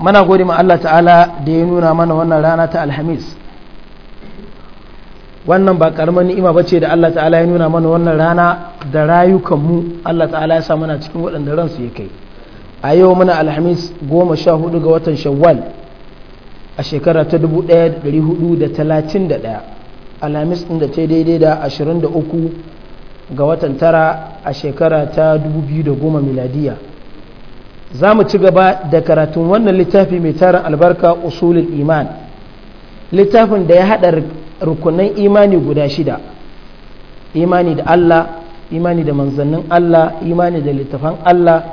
mana gode ma Allah ta'ala da ya nuna mana wannan rana ta alhamis wannan ba karamar ni'ima bace da Allah ta'ala ya nuna mana wannan rana da rayukanmu Allah ta'ala ya sa mana cikin waɗanda ransu ya kai a yau muna alhamis goma sha hudu ga watan shawwal a shekara ta dubu ɗaya da ɗari hudu da talatin da ɗaya alhamis ɗin da ta daidai da ashirin da uku ga watan tara a shekara ta dubu biyu da goma miladiya za mu ci gaba da karatun wannan littafi mai tarin albarka usulul iman littafin da ya haɗa rukunan imani guda shida imani da Allah imani da manzannin Allah imani da littafan Allah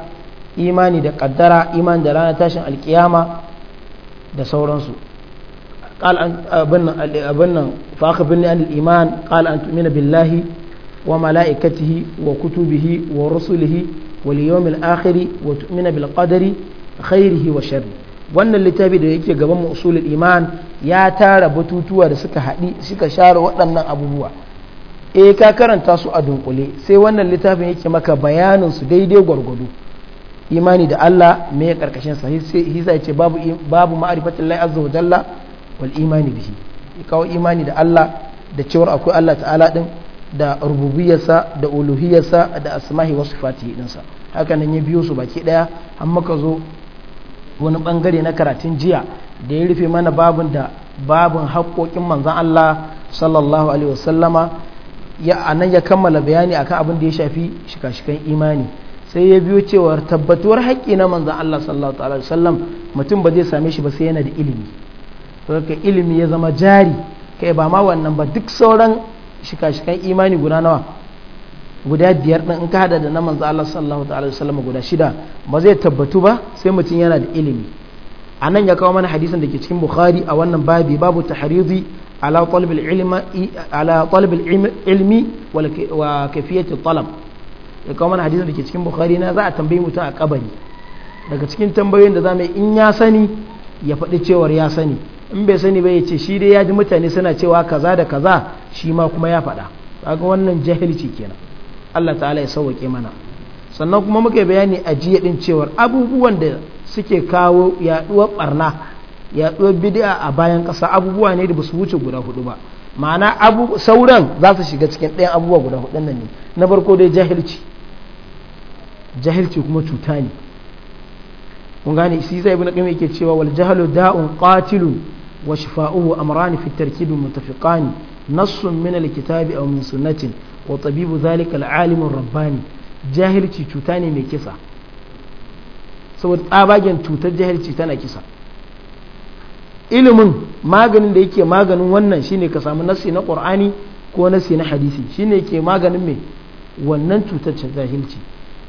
imani da kaddara imani da ranar tashin alkiyama da sauransu قال nan faka bin an iman qal an tu'mina billahi wa mala'ikatihi wa kutubihi wa واليوم الآخر وتؤمن بالقدر خيره وشره wannan littafi da yake gaban usulul iman ya tara batutuwa da suka haɗi suka share waɗannan abubuwa eh ka karanta su a dunkule sai wannan littafin yake maka bayanin su daidai gwargwado imani da Allah me ya karkashin sa hisa yace babu babu ma'rifatul lahi azza wa jalla wal imani bihi kawo imani da Allah da cewar akwai Allah ta'ala din da rububiyarsa da uluhiyarsa da asma'i wasu sifatihi sa. haka nan ya biyo su baki daya an maka zo wani bangare na karatun jiya da ya rufe mana babun da babun haƙoƙin manzan Allah sallallahu alaihi wasallama ya anan ya kammala bayani akan abin da ya shafi shika-shikan imani sai ya biyo cewar tabbatuwar haƙƙi na manzan Allah sallallahu alaihi wasallam mutum ba zai same shi ba sai yana da ilimi to ilimi ya zama jari kai ba ma wannan ba duk sauran shika-shikan imani guda nawa guda biyar ɗin in ka hada da na manzo Allah sallallahu ta'ala wasallam guda shida ba zai tabbatu ba sai mutum yana da ilimi a nan ya kawo mana hadisin da ke cikin bukhari a wannan babi babu tahrizi ala ilmi ala talibul ilmi wa kafiyati talab ya kawo mana hadisin da ke cikin bukhari na za a tambayi mutum a kabari daga cikin tambayoyin da za mu in ya sani ya faɗi cewar ya sani in bai sani ba ya ce shi dai ya ji mutane suna cewa kaza da kaza shi ma kuma ya faɗa kaga wannan jahilci kenan Allah ta'ala ya sauwake mana sannan kuma muka bayani a jiya din cewar abubuwan da suke kawo yaduwar barna yaduwar bid'a a bayan ƙasa abubuwa ne da ba su wuce guda hudu ba ma'ana abu sauran za su shiga cikin ɗayan abubuwa guda hudu nan ne na farko dai jahilci jahilci kuma cuta ne kun gane shi sai ibn qayyim yake cewa wal jahlu da'un qatilun wa shifa'uhu amran fi tarkibi mutafiqani nassun min al-kitabi aw min sunnatin wa tabibu zalikal alimin rabbani jahilci cuta ne mai kisa saboda tsabagen cutar jahilci tana kisa ilimin maganin da yake maganin wannan shine ka samu nasi na qur'ani ko nasi na hadisi shine ke maganin mai wannan cutar jahilci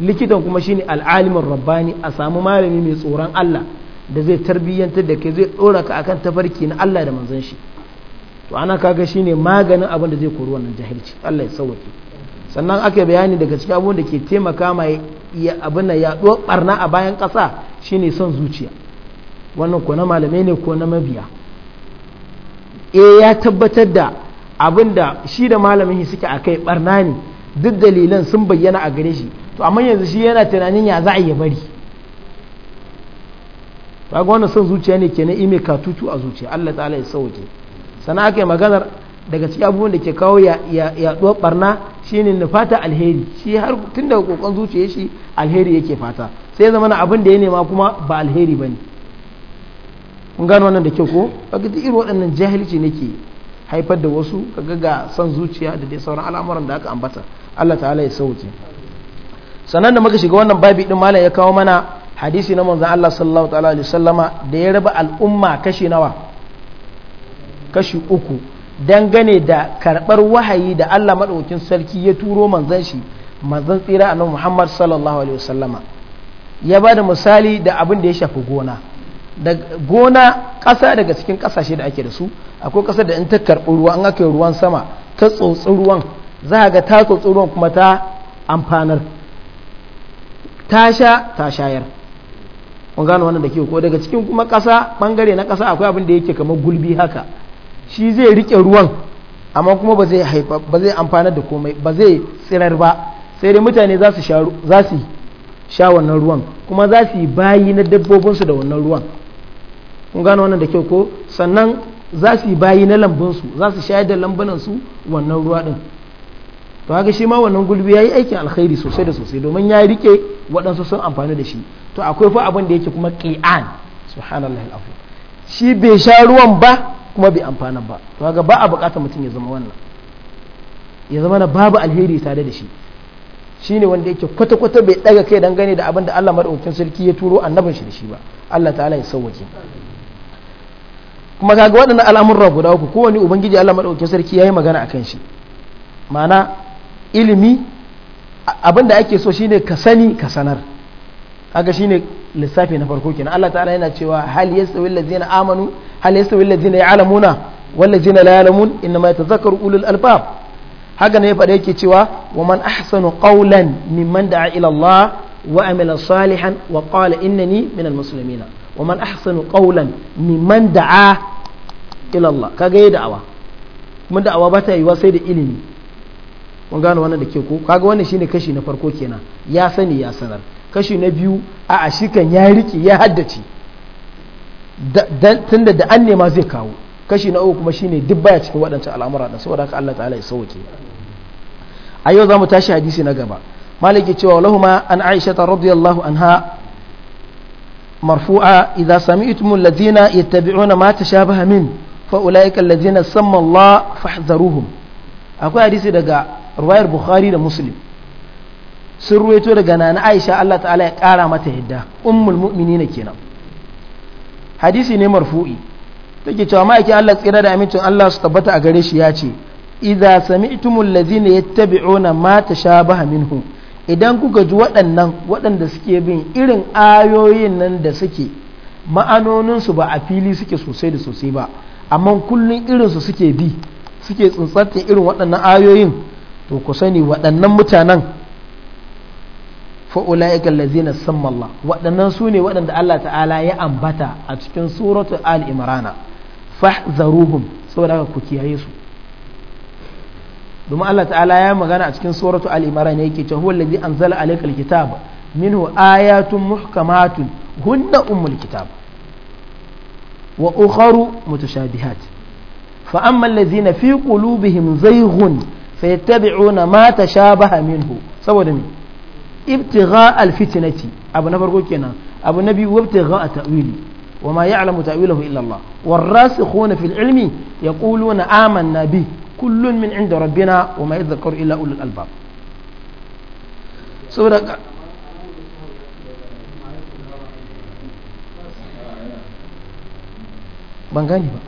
likitan kuma shine al'alimin rabbani a samu malami mai tsoron Allah da zai tarbiyyantar da kai zai dora ka akan tafarki na Allah da manzon shi to ana kaga shine maganin abin da zai kori wannan jahilci Allah ya sauke sannan aka bayani daga cikin abin da ke taimaka ya abin nan ya barna a bayan ƙasa shine son zuciya wannan ko na malamai ne ko na mabiya eh ya tabbatar da abin da shi da malamin shi suke akai barna ne duk dalilan sun bayyana a gare shi to amma yanzu shi yana tunanin ya za a yi bari ba ga wannan son zuciya ne kenan ime katutu a zuciya Allah ta'ala ya sauke sana aka yi maganar daga cikin abubuwan da ke kawo yaduwar barna shine na fata alheri shi har tun daga kokon zuciya shi alheri yake fata sai zama na abin da ya nema kuma ba alheri ba ne kun gano wannan da kyau ko kaga irin waɗannan jahilci ne ke haifar da wasu kaga ga son zuciya da dai sauran al'amuran da aka ambata Allah ta'ala ya sauce sannan da muka shiga wannan babi din malam ya kawo mana hadisi na manzon Allah sallallahu ta'ala alaihi wasallama da ya raba al'umma kashi nawa kashi uku dangane da karɓar wahayi da Allah maɗaukin sarki ya turo manzan shi manzan tsira nan Muhammad sallallahu alaihi wasallama ya ba da misali da abin da ya shafi gona da gona ƙasa daga cikin ƙasashe da ake da su akwai ƙasar da in ta karɓi ruwa an aka ruwan sama ta tsotsi ruwan za a ga ta tsotsi ruwan kuma ta amfanar ta sha ta shayar kun gano wannan da ke ko daga cikin kuma ƙasa ɓangare na ƙasa akwai abin da yake kamar gulbi haka shi zai rike ruwan amma kuma ba zai haifa ba zai amfana da komai ba zai tsirar ba sai dai mutane za su za su sha wannan ruwan kuma za su yi bayi na dabbobinsu da wannan ruwan kun gano wannan da kyau ko sannan za su yi bayi na lambunsu za su shayar da lambunansu wannan ruwa din to haka shi ma wannan gulbi ya yi aikin alkhairi sosai da sosai domin ya rike waɗansu sun amfani da shi to akwai fa abin da yake kuma ƙi'an subhanallah al'afu shi bai sha ruwan ba kuma bai amfana ba to ga ba a bukatar mutum ya zama wannan ya zama na babu alheri tare da shi shi ne wanda yake kwata kwata bai daga kai dangane da abin da Allah maɗaukacin sarki ya turo annabin shi da shi ba Allah ta'ala ya sauwaje kuma kaga waɗannan al'amurra guda uku kowane ubangiji Allah madaukakin sarki yi magana kan shi ma'ana ilimi abin da ake so shine ka sani ka sanar kaga shine lissafi na farko kenan Allah ta'ala yana cewa hal yastawi allazina amanu hal yastawi allazina ya'lamuna wal ladzina la ya'lamun inma yatazakkaru ulul albab haka ne fada yake cewa wa man ahsanu qawlan mimman da'a ila Allah wa amila salihan wa qala innani minal muslimina wa man ahsanu qawlan mimman da'a ila Allah kaga yayi da'awa kuma da'awa ba ta yiwa sai da ilimi kun gano wannan da ke ko kaga wannan shine kashi na farko kenan ya sani ya sanar kashi na biyu a ashikan ya riƙe ya haddace tun da an nema zai kawo kashi na uku kuma shine duk baya cikin waɗancan al'amura da saboda haka Allah ta'ala ya sauke a yau zamu tashi hadisi na gaba maliki cewa lahuma an aisha ta radiyallahu anha marfu'a idza sami'tum alladhina yattabi'una ma tashabaha min fa ulaika alladhina samma Allah fahdharuhum akwai hadisi daga riwayar bukhari da muslim sun ruwaito daga nana aisha Allah ta'ala ya kara mata yadda ummul na kenan hadisi ne marfu'i take cewa ma'aikin Allah tsira da amincin Allah su tabbata a gare shi ya ce idza sami'tumul ladzina yattabi'una ma tashabaha minhu idan kuka ji waɗannan waɗanda suke bin irin ayoyin nan da suke ma'anonin su ba a fili suke sosai da sosai ba amma kullun irin su suke bi suke tsuntsantin irin waɗannan ayoyin to ku sani waɗannan mutanen fa'ula'ikar lazina sammallah waɗannan su waɗanda Allah ta'ala ya ambata a cikin suratu al'imrana fahzaruhum saboda haka ku kiyaye su domin Allah ta'ala ya magana a cikin suratu al'imrana yake cewa huwa lazi an zala alaikal kitab minhu ayatun muhkamatun hunna ummul kitab wa ukharu mutashabihat fa amma allazina fi qulubihim zayghun fayattabi'una ma tashabaha minhu saboda me ibtigha alfitnati abu na farko kenan abu na biyu wabtigha atawili wa ma ya'lamu ta'wilahu illa Allah fil ilmi yaquluna amanna bi kullun min inda rabbina wa ma yadhakkaru illa ulul albab saboda ban ba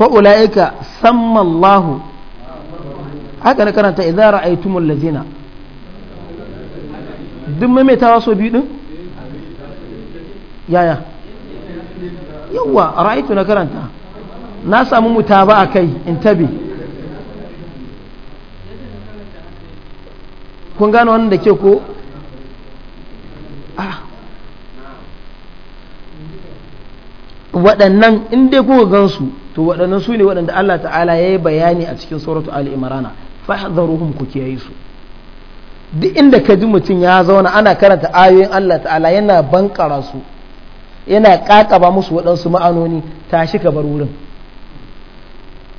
fa'ula'ika sammallahu haka na karanta idan ra'aitumul lazina duk maimaitawa so biyu din yaya yawa ra'aitu na karanta na samu mutaba a kai in tabi kun gano wannan da ke ko ah. waɗannan inda kuka gansu to waɗannan su ne waɗanda Allah ta'ala ya yi bayani a cikin suratu Ali Imran fahdharuhum ku kiyaye su duk inda ka ji mutum ya zauna ana karanta ayoyin Allah ta'ala yana bankara su yana kakaba musu waɗansu ma'anoni tashi ka bar wurin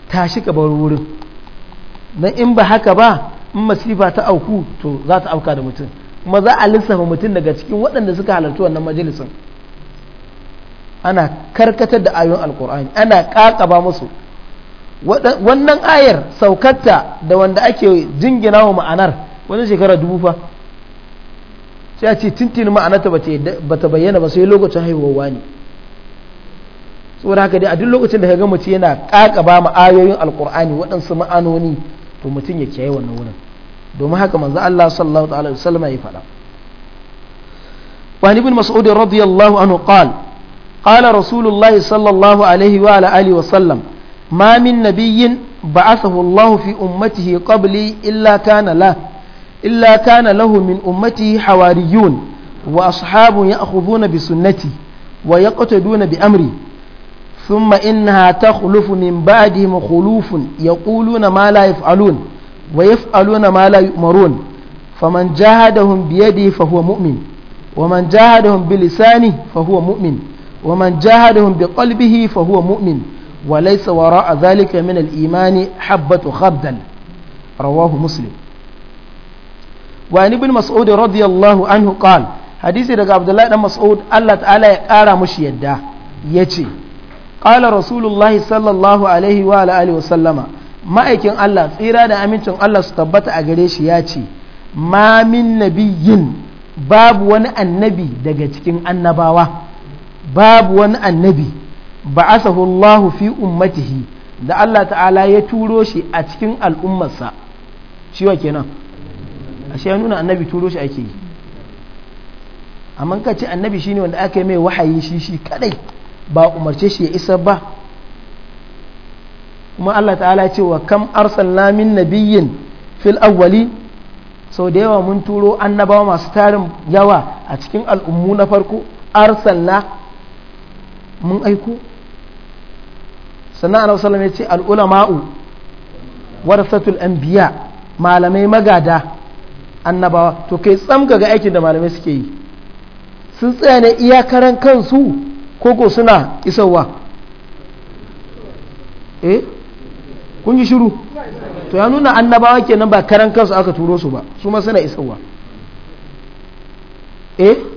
tashi ka bar wurin dan in ba haka ba in masifa ta auku to za ta auka da mutum kuma za a lissafa mutum daga cikin waɗanda suka halarci wannan majalisin ana karkatar da ayoyin alkur'ani ana kakaba musu wannan ayar saukarta da wanda ake jingina wa ma'anar wajen shekara dubu fa sai a ce tintin ma'anarta ba ta bayyana ba sai lokacin haihuwa ne saboda haka dai a duk lokacin da ka ga mutum yana kakaba ma ayoyin alkur'ani waɗansu ma'anoni to mutum ya kiyaye wannan wurin domin haka manzo Allah sallallahu alaihi wasallam ya faɗa وعن ibn mas'ud radiyallahu anhu qala قال رسول الله صلى الله عليه وعلى آله وسلم ما من نبي بعثه الله في أمته قبلي إلا كان له إلا كان له من أمته حواريون وأصحاب يأخذون بسنتي ويقتدون بأمري ثم إنها تخلف من بعدهم خلوف يقولون ما لا يفعلون ويفعلون ما لا يؤمرون فمن جاهدهم بيده فهو مؤمن ومن جاهدهم بلسانه فهو مؤمن ومن جاهدهم بقلبه فهو مؤمن وليس وراء ذلك من الإيمان حبة خردل رواه مسلم وعن ابن مسعود رضي الله عنه قال حديث رجع عبد الله بن مسعود الله تعالى يقارى مش يده يجي قال رسول الله صلى الله عليه وعلى آله وسلم ما يكن الله tsira da amincin Allah su tabbata a gare shi ya ce ma min nabiyyin babu wani annabi daga cikin annabawa babu wani annabi ba asahullahu fi ummatihi da Allah ta'ala ya turo shi a cikin al'ummarsa ciwa kenan ashe ya nuna annabi turo shi ake yi amma ka ce annabi shine wanda aka yi mai wahayi shi shi kadai ba umarce shi ya isa ba kuma Allah ta'ala ce wa kam arsalna min nabiyyin fil awwali sau da yawa mun turo annabawa masu tarin yawa a cikin al'ummu na farko arsalna mun aiko sannan annabi ya ce alulama'u ulama'u warasatul anbiya malamai magada annabawa to kai tsam ga aikin da malamai suke yi sun tsaya ne iyakaran kansu koko suna isowa eh kun yi shiru to ya nuna annabawa kenan ba karan kansu aka turo su ba su ma suna isowa eh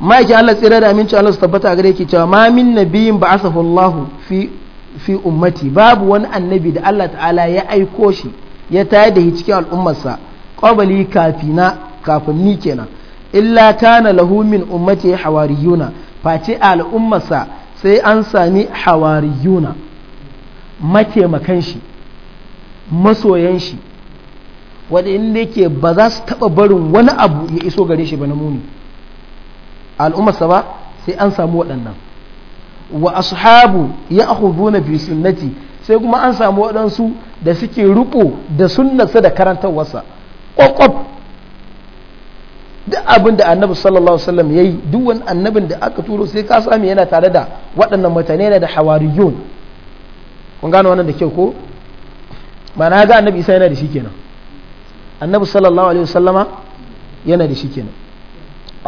yake Allah tsira da aminci Allah su tabbata a gare yake cewa ma min nabiyin ba Allah fi fi ummati babu wani annabi da Allah ta'ala ya aiko shi ya tayar da shi cikin al'ummarsa qabli kafina kafin ni kenan illa kana lahu min ummati hawariyuna face al'ummarsa sai an sami hawariyuna mataimakan shi masoyan shi wanda inda yake ba za su taba barin wani abu ya iso gare shi ba na muni al'ummarsa ba sai an samu waɗannan wa ashabu ya akhuduna bi sunnati sai kuma an samu waɗansu da suke ruko da sunnarsa da karantarwarsa ƙwaƙwaf duk abin da annabi sallallahu alaihi wasallam yayi duk wani annabin da aka turo sai ka sami yana tare da waɗannan mutane yana da hawariyun kun gano wannan da kyau ko ma'ana ga annabi isa yana da shi kenan annabi sallallahu alaihi wasallama yana da shi kenan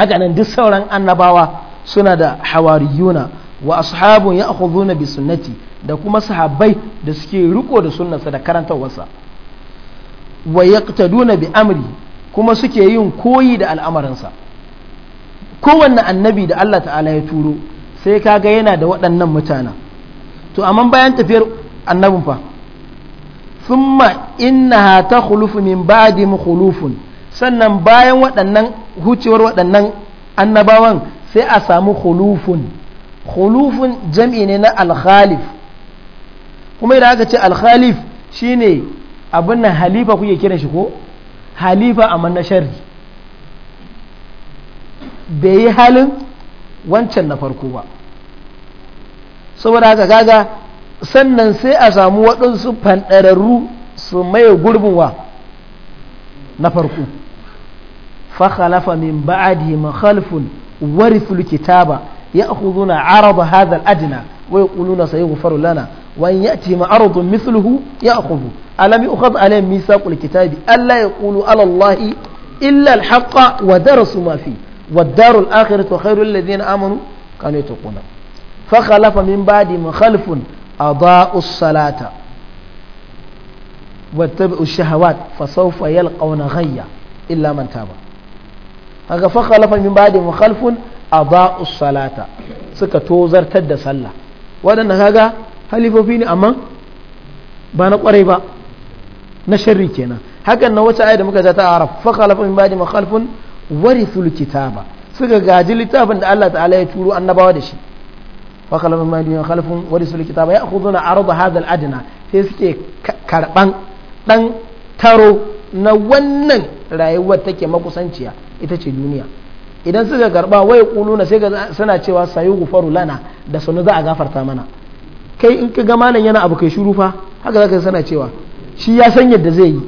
haka nan duk sauran annabawa suna da hawariyuna wa ashabun akhuduna bi sunnati da kuma sahabbai da suke riko da sunnarsa da karantawarsa wa yaqtaduna bi amri kuma suke yin koyi da al'amarinsa kowanne annabi da Allah ta'ala ya turo sai kaga yana da waɗannan mutanen to amma bayan tafiyar annabin fa thumma innaha takhlufu min ba'di mukhlufun sannan bayan waɗannan hucewar waɗannan annabawan sai a samu khulufun khulufun jam'i ne na alkhalif kuma idan aka ce alkhalif shine abin nan halifa kuke kira shi ko halifa a na shari bai yi halin wancan na farko ba saboda haka kaga sannan sai a samu waɗansu fanɗararru su maye gurbin na farko فخلف من بعدهم خلف ورثوا الكتاب يأخذون عرض هذا الأدنى ويقولون سيغفر لنا وأن يأتهم عرض مثله يأخذ ألم يؤخذ عليهم ميثاق الكتاب ألا يقولوا على الله إلا الحق ودرسوا ما فيه والدار الآخرة خير الذين آمنوا كانوا يتقون فخلف من بعدهم خلف أضاءوا الصلاة واتبعوا الشهوات فسوف يلقون غيا إلا من تاب kaga fa khalafa min ba'dihim khalfun adaa'u salata suka tozartar da sallah waɗannan kaga halifofi ne amma ba na kwarai ba na sharri kenan hakan na wata aya da muka ja ta araf fa khalafa min ba'dihim khalfun warithul kitaba suka gaji littafin da Allah ta'ala ya turo annabawa da shi fa khalafa min ba'dihim khalfun warithul kitaba ya'khuduna arda hadha al-adna sai suke karban dan taro na wannan rayuwar take makusanciya ita ce duniya idan suka karba wai kuluna sai suna cewa sayu gufaru lana da sanu za a gafarta mana kai in ka ga malam yana abu kai shuru fa haka zaka sana cewa shi ya san yadda zai yi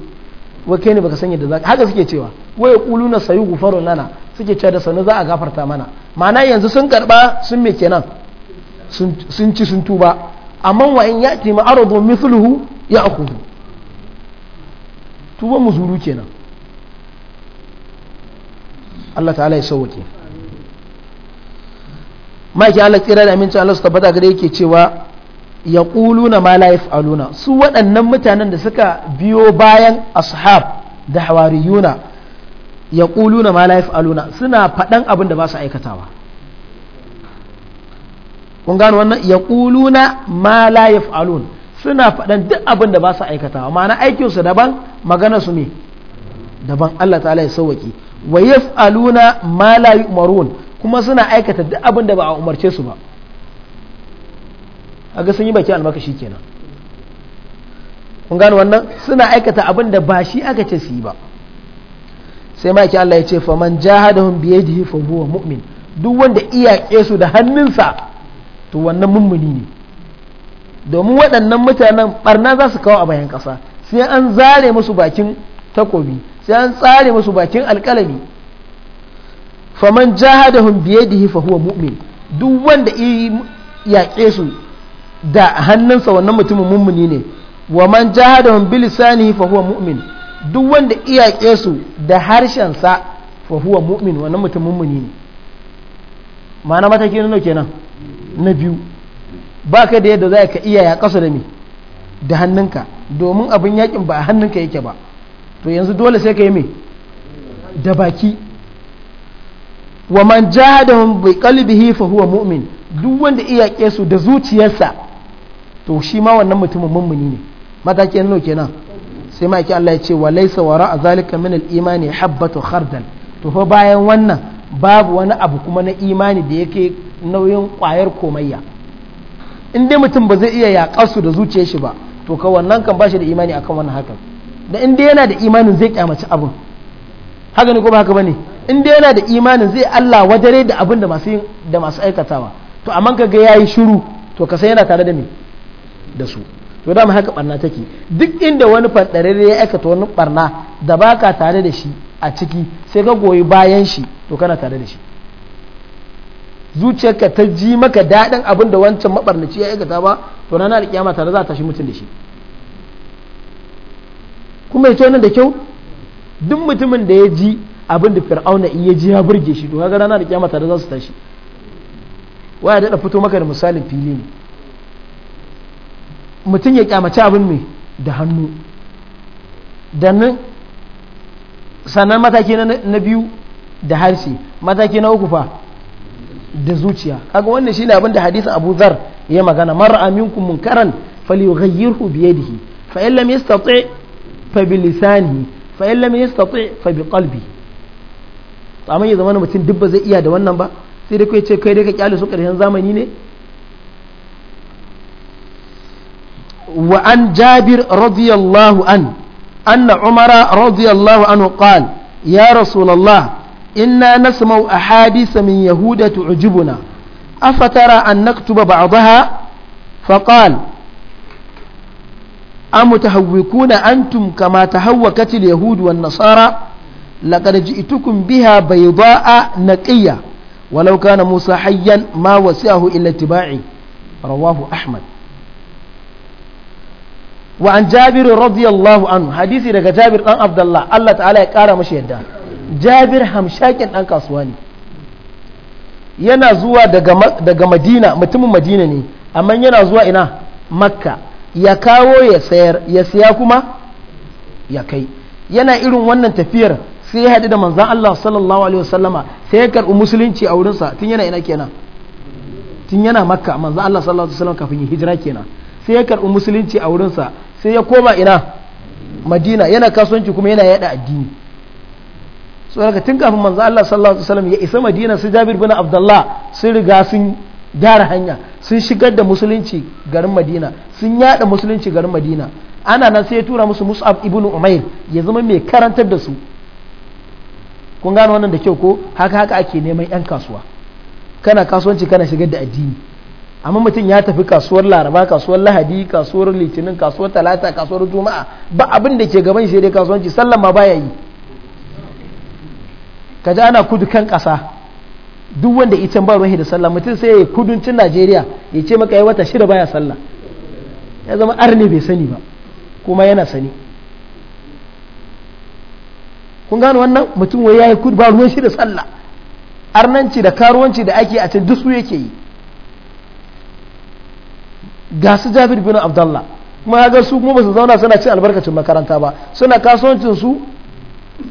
wa kai ne baka san yadda zaka haka suke cewa wai kuluna sayu gufaru lana suke cewa da sanu za a gafarta mana ma'ana yanzu sun karba sun me kenan sun ci sun tuba amma wa in yati ma'arudu mithluhu ya'khudhu tuba muzuru kenan Allah ta'ala ya sauwake maki Allah tsira da amincin Allah su tabbata gare yake cewa ya na ma la yaf'aluna su waɗannan mutanen da suka biyo bayan ashab da hawariyuna ya na ma la yaf'aluna suna faɗan abin da ba su aikatawa kun gano wannan ya na ma la yaf'alun suna faɗan duk abin da ba su aikatawa ma'ana aikinsu daban maganarsu ne daban Allah ta'ala ya sauwake wa yaf'aluna ma la yu'marun kuma suna aikata duk abin da ba a umarce su ba aga sun yi baki almakashi kenan kun gano wannan suna aikata abin da ba shi aka ce su yi ba sai maki Allah ya ce fa man jahadahum bi yadihi fa huwa mu'min duk wanda iyake su da hannunsa to wannan mummuni ne domin waɗannan mutanen barna za su kawo a bayan ƙasa sai an zare musu bakin takobi sai an tsare musu bakin alkalami faman jahadahum biyadihi fa huwa mu'min duk wanda ke su da hannunsa wannan mutumin mummuni ne wa man jahadahum bi lisanihi fa huwa mu'min duk wanda ke su da harshensa fa huwa mu'min wannan mutumin mummuni ne ma'ana mataki na kenan na biyu ba ka da yadda za ka iya ya kasa da me da hannunka domin abin yakin ba a hannunka yake ba to yanzu dole sai ka yi mai da baki wa man bai bai qalbihi fa huwa mu'min duk wanda iya kesu da zuciyarsa to shi ma wannan mutumin mummuni ne mataki nan kenan sai ma yake Allah ya ce wa laysa wara zalika min al-imani habbatu khardal to fa bayan wannan babu wani abu kuma na imani da yake nauyin kwayar komayya in dai mutum ba zai iya yaƙasu da zuciyar shi ba to ka wannan kan bashi da imani akan wannan hakan da in dai yana da imanin zai kyamaci abin haka ne ko ba haka bane in dai yana da imanin zai Allah wajare da abin da masu da masu aikatawa to amma ka ga yayi shiru to ka san yana tare da me da su to da mu haka barna take duk inda wani fadarere ya aikata wani barna da baka tare da shi a ciki sai ka goyi bayan shi to kana tare da shi zuciyarka ta ji maka daɗin abin da wancan mabarnaci ya aikata ba to na alƙiyama tare za ta shi mutum da shi kuma ya nan da kyau duk mutumin da ya ji abin da fir'auna in ya ji ya burge shi to kaga rana da kiyama tare za su tashi waya da fito maka da misalin fili ne mutum ya kyamaci abin mai da hannu da nan sannan mataki na biyu da harshe mataki na uku fa da zuciya kaga wannan shine abin da hadisin Abu Zar ya magana mar aminkum munkaran falyughayyirhu bi yadihi fa in yastati fa bi lisanihi fa in lam fa bi ya zama mutum duk zai iya da wannan ba sai dai kai ce kai dai ka kyale su zamani ne wa an jabir radiyallahu an anna umara radiyallahu an qala ya rasulullah inna nasma'u ahadith min yahuda tu'jibuna afatara an naktuba ba'daha فقال am tahawwikuna antum kama tahawwakat al yahudu wan nasara laqad ji'tukum biha bayda'a naqiyya walau kana musa hayyan ma wasi'ahu illa ittiba'i rawahu ahmad wa an jabir radiyallahu anhu hadisi daga jabir dan abdullah Allah ta'ala ya kara mashi yadda jabir hamshakin dan kasuwani yana zuwa daga daga madina mutumin madina ne amma yana zuwa ina makka ya kawo ya sayar ya siya kuma ya kai yana irin wannan tafiyar sai ya haɗu da manzan Allah sallallahu alaihi wasallama sai ya karɓi musulunci a wurinsa tun yana ina kenan tun yana makka manzan Allah sallallahu alaihi wasallama kafin ya hijira kenan sai ya karɓi musulunci a wurinsa sai ya koma ina madina yana kasuwanci kuma yana yada addini so daga tun kafin manzan Allah sallallahu alaihi wasallama ya isa madina su jabir bin abdullah sun riga sun gyara hanya sun shigar da musulunci garin madina sun yada musulunci garin madina ana nan sai ya tura musu mus'ab ibn umair ya zama mai karantar da su kun gano wannan da kyau ko haka haka ake neman yan kasuwa kana kasuwanci kana shigar da addini amma mutum ya tafi kasuwar laraba kasuwar lahadi kasuwar litinin kasuwar talata kasuwar juma'a ba abin da ke gaban shi dai kasuwanci sallan ma baya yi kaji ana kudu kan kasa duk wanda ita ba ruwan da sallah mutum sai ya kuduncin Najeriya ya ce maka ya wata shida baya sallah ya zama arne bai sani ba kuma yana sani kun gano wannan mutum wai ya yi kudu ba ruwan shi da sallah arnanci da karuwanci da ake a can duk su yake yi ga su jabir bin abdallah kuma ga su kuma ba su zauna suna cin albarkacin makaranta ba suna kasuwancin su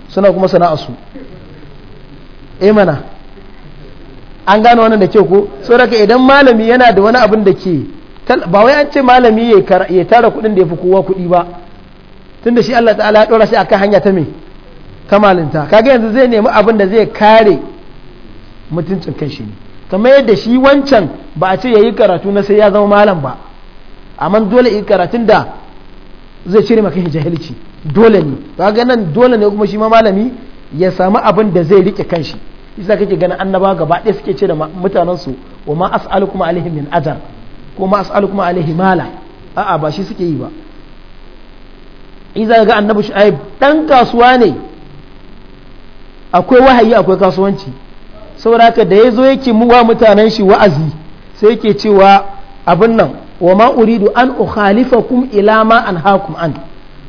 suna kuma sana'ar su eh an gano wannan da ke ko saboda idan malami yana da wani abin da ke ba wai an ce malami ya tara kuɗin da ya fi kowa kuɗi ba tun da shi Allah ta'ala ya ɗora shi akan hanya ta me ta malinta kaga yanzu zai nemi abin da zai kare mutuncin kan shi ne kamar yadda shi wancan ba a ce ya yi karatu na sai ya zama malam ba amma dole yi karatun da zai cire maka jahilci dole ne kaga nan dole ne kuma shi ma malami ya samu abin da zai rike kanshi isa kake ganin annaba gaba ɗaya suke ce da mutanen su wa ma as'alu kuma alaihi min ajar ko ma kuma alaihi mala a'a ba shi suke yi ba isa ga annabi shu'aib dan kasuwa ne akwai wahayi akwai kasuwanci saboda haka da yazo yake muwa mutanen shi wa'azi sai yake cewa abin nan wa ma uridu an ukhalifakum ila ma anhaakum an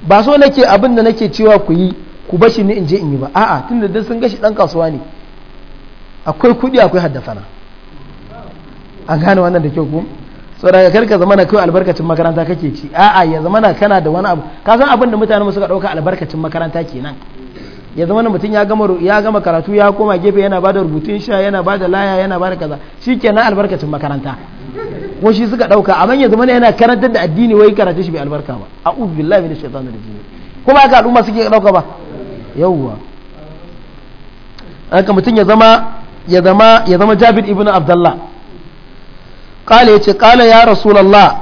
ba so nake abin da nake cewa ku yi ku bashi ni in je in yi ba a'a tunda dan sun gashi dan kasuwa ne akwai kudi akwai haddasana an gane wannan da kyau ko da kar ka zama na kai albarkacin makaranta kake ci a'a ya zama na kana da wani abu ka san abin da mutane suka dauka albarkacin makaranta kenan ya zama na mutum ya gama ya gama karatu ya koma gefe yana bada rubutun sha yana bada laya yana bada kaza shikenan albarkacin makaranta ko shi suka dauka amma ya zama yana karantar da addini wai karatu shi bai albarka ba a'udhu billahi minash shaitanir rajim jini kuma aka al'umma suke dauka ba yawwa haka mutum ya zama ya zama ya zama Jabir ibn Abdullah ya yace qala ya rasulullah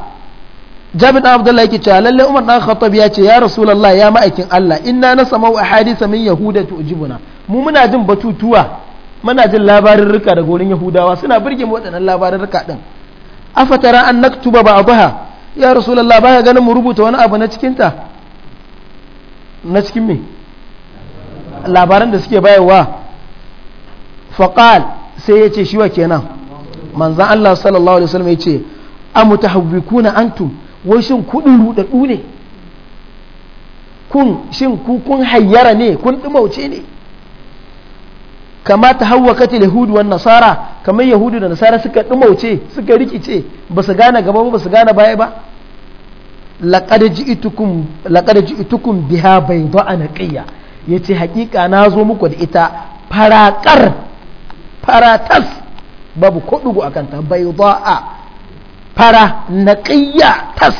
Jabir ibn Abdullah yake cewa lalle Umar dan Khattab ya ce ya rasulullah ya ma'aikin Allah inna wa ahadisa min yahuda tu'jibuna mu muna jin batutuwa muna jin labarin rika daga wurin Yahudawa suna burge mu waɗannan rika din afatara an naktuba ba'daha ya rasulullah baya ganin mu rubuta wani abu na cikin ta na cikin me labaran da suke bayarwa faqal sai ya ce shiwa kenan manzan Allah sallallahu alaihi wasallam ya ce na antum wai shin kudin rudadu ne kun shin ku kun hayyara ne kun dumauce ne kama ta hawwakati yahudu nasara kamar yahudu da nasara suka dumauce suka rikice ba su gane gaba ba su gane baya ba laqad ji'tukum laqad ji'tukum biha bayda anqiya yace hakika na zo muku da ita farakar faratas babu ko dugu akan ta bai a fara naqiyya tas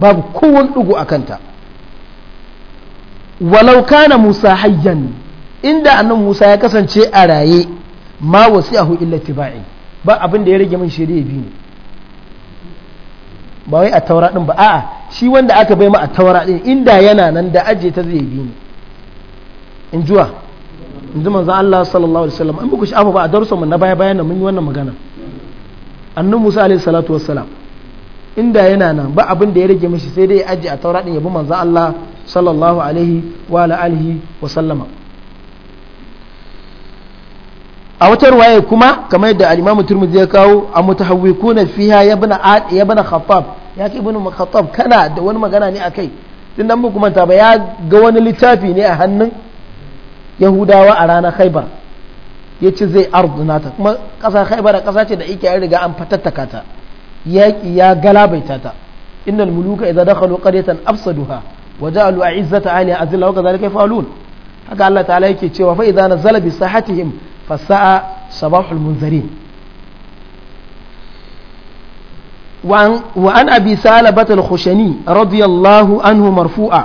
babu kowan dugu akan ta walau kana Musa hayyan inda annan Musa ya kasance a raye ma wasi'ahu illa tiba'i ba abin ya rage min shari'a biyu ne ba wai a taura din ba a'a shi wanda aka bai ma a taura din inda yana nan da aje ta zai bi ne in juwa yanzu manzo Allah sallallahu alaihi wasallam an buku sha'afa ba a mun na baya bayan mun yi wannan magana annabi Musa alaihi salatu wassalam inda yana nan ba abin da ya rage mishi sai dai ya aje a taura din yabi manzo Allah sallallahu alaihi wa alihi wa sallama a wata ruwaya kuma kamar yadda al-Imam Tirmidhi ya kawo a mutahawwikuna fiha yabna yabna Khattab ya ce ibn Khattab kana da wani magana ne akai tunda mun kuma ta ba ya ga wani littafi ne a hannun yahudawa a ranar haibar ya ce zai arzuna ta kuma ƙasa haibar ƙasa ce da ike an riga an fatattaka ta yaƙi ya galabaita ta innal muluka idza dakhalu qaryatan afsaduha wa ja'alu a'izzata ahliha azilla wa kadhalika yafalun haka Allah ta'ala yake cewa fa idza nazala bi sahatihim fasa'a sabahul munzirin وعن أبي سالبة الخشني رضي الله عنه مرفوعا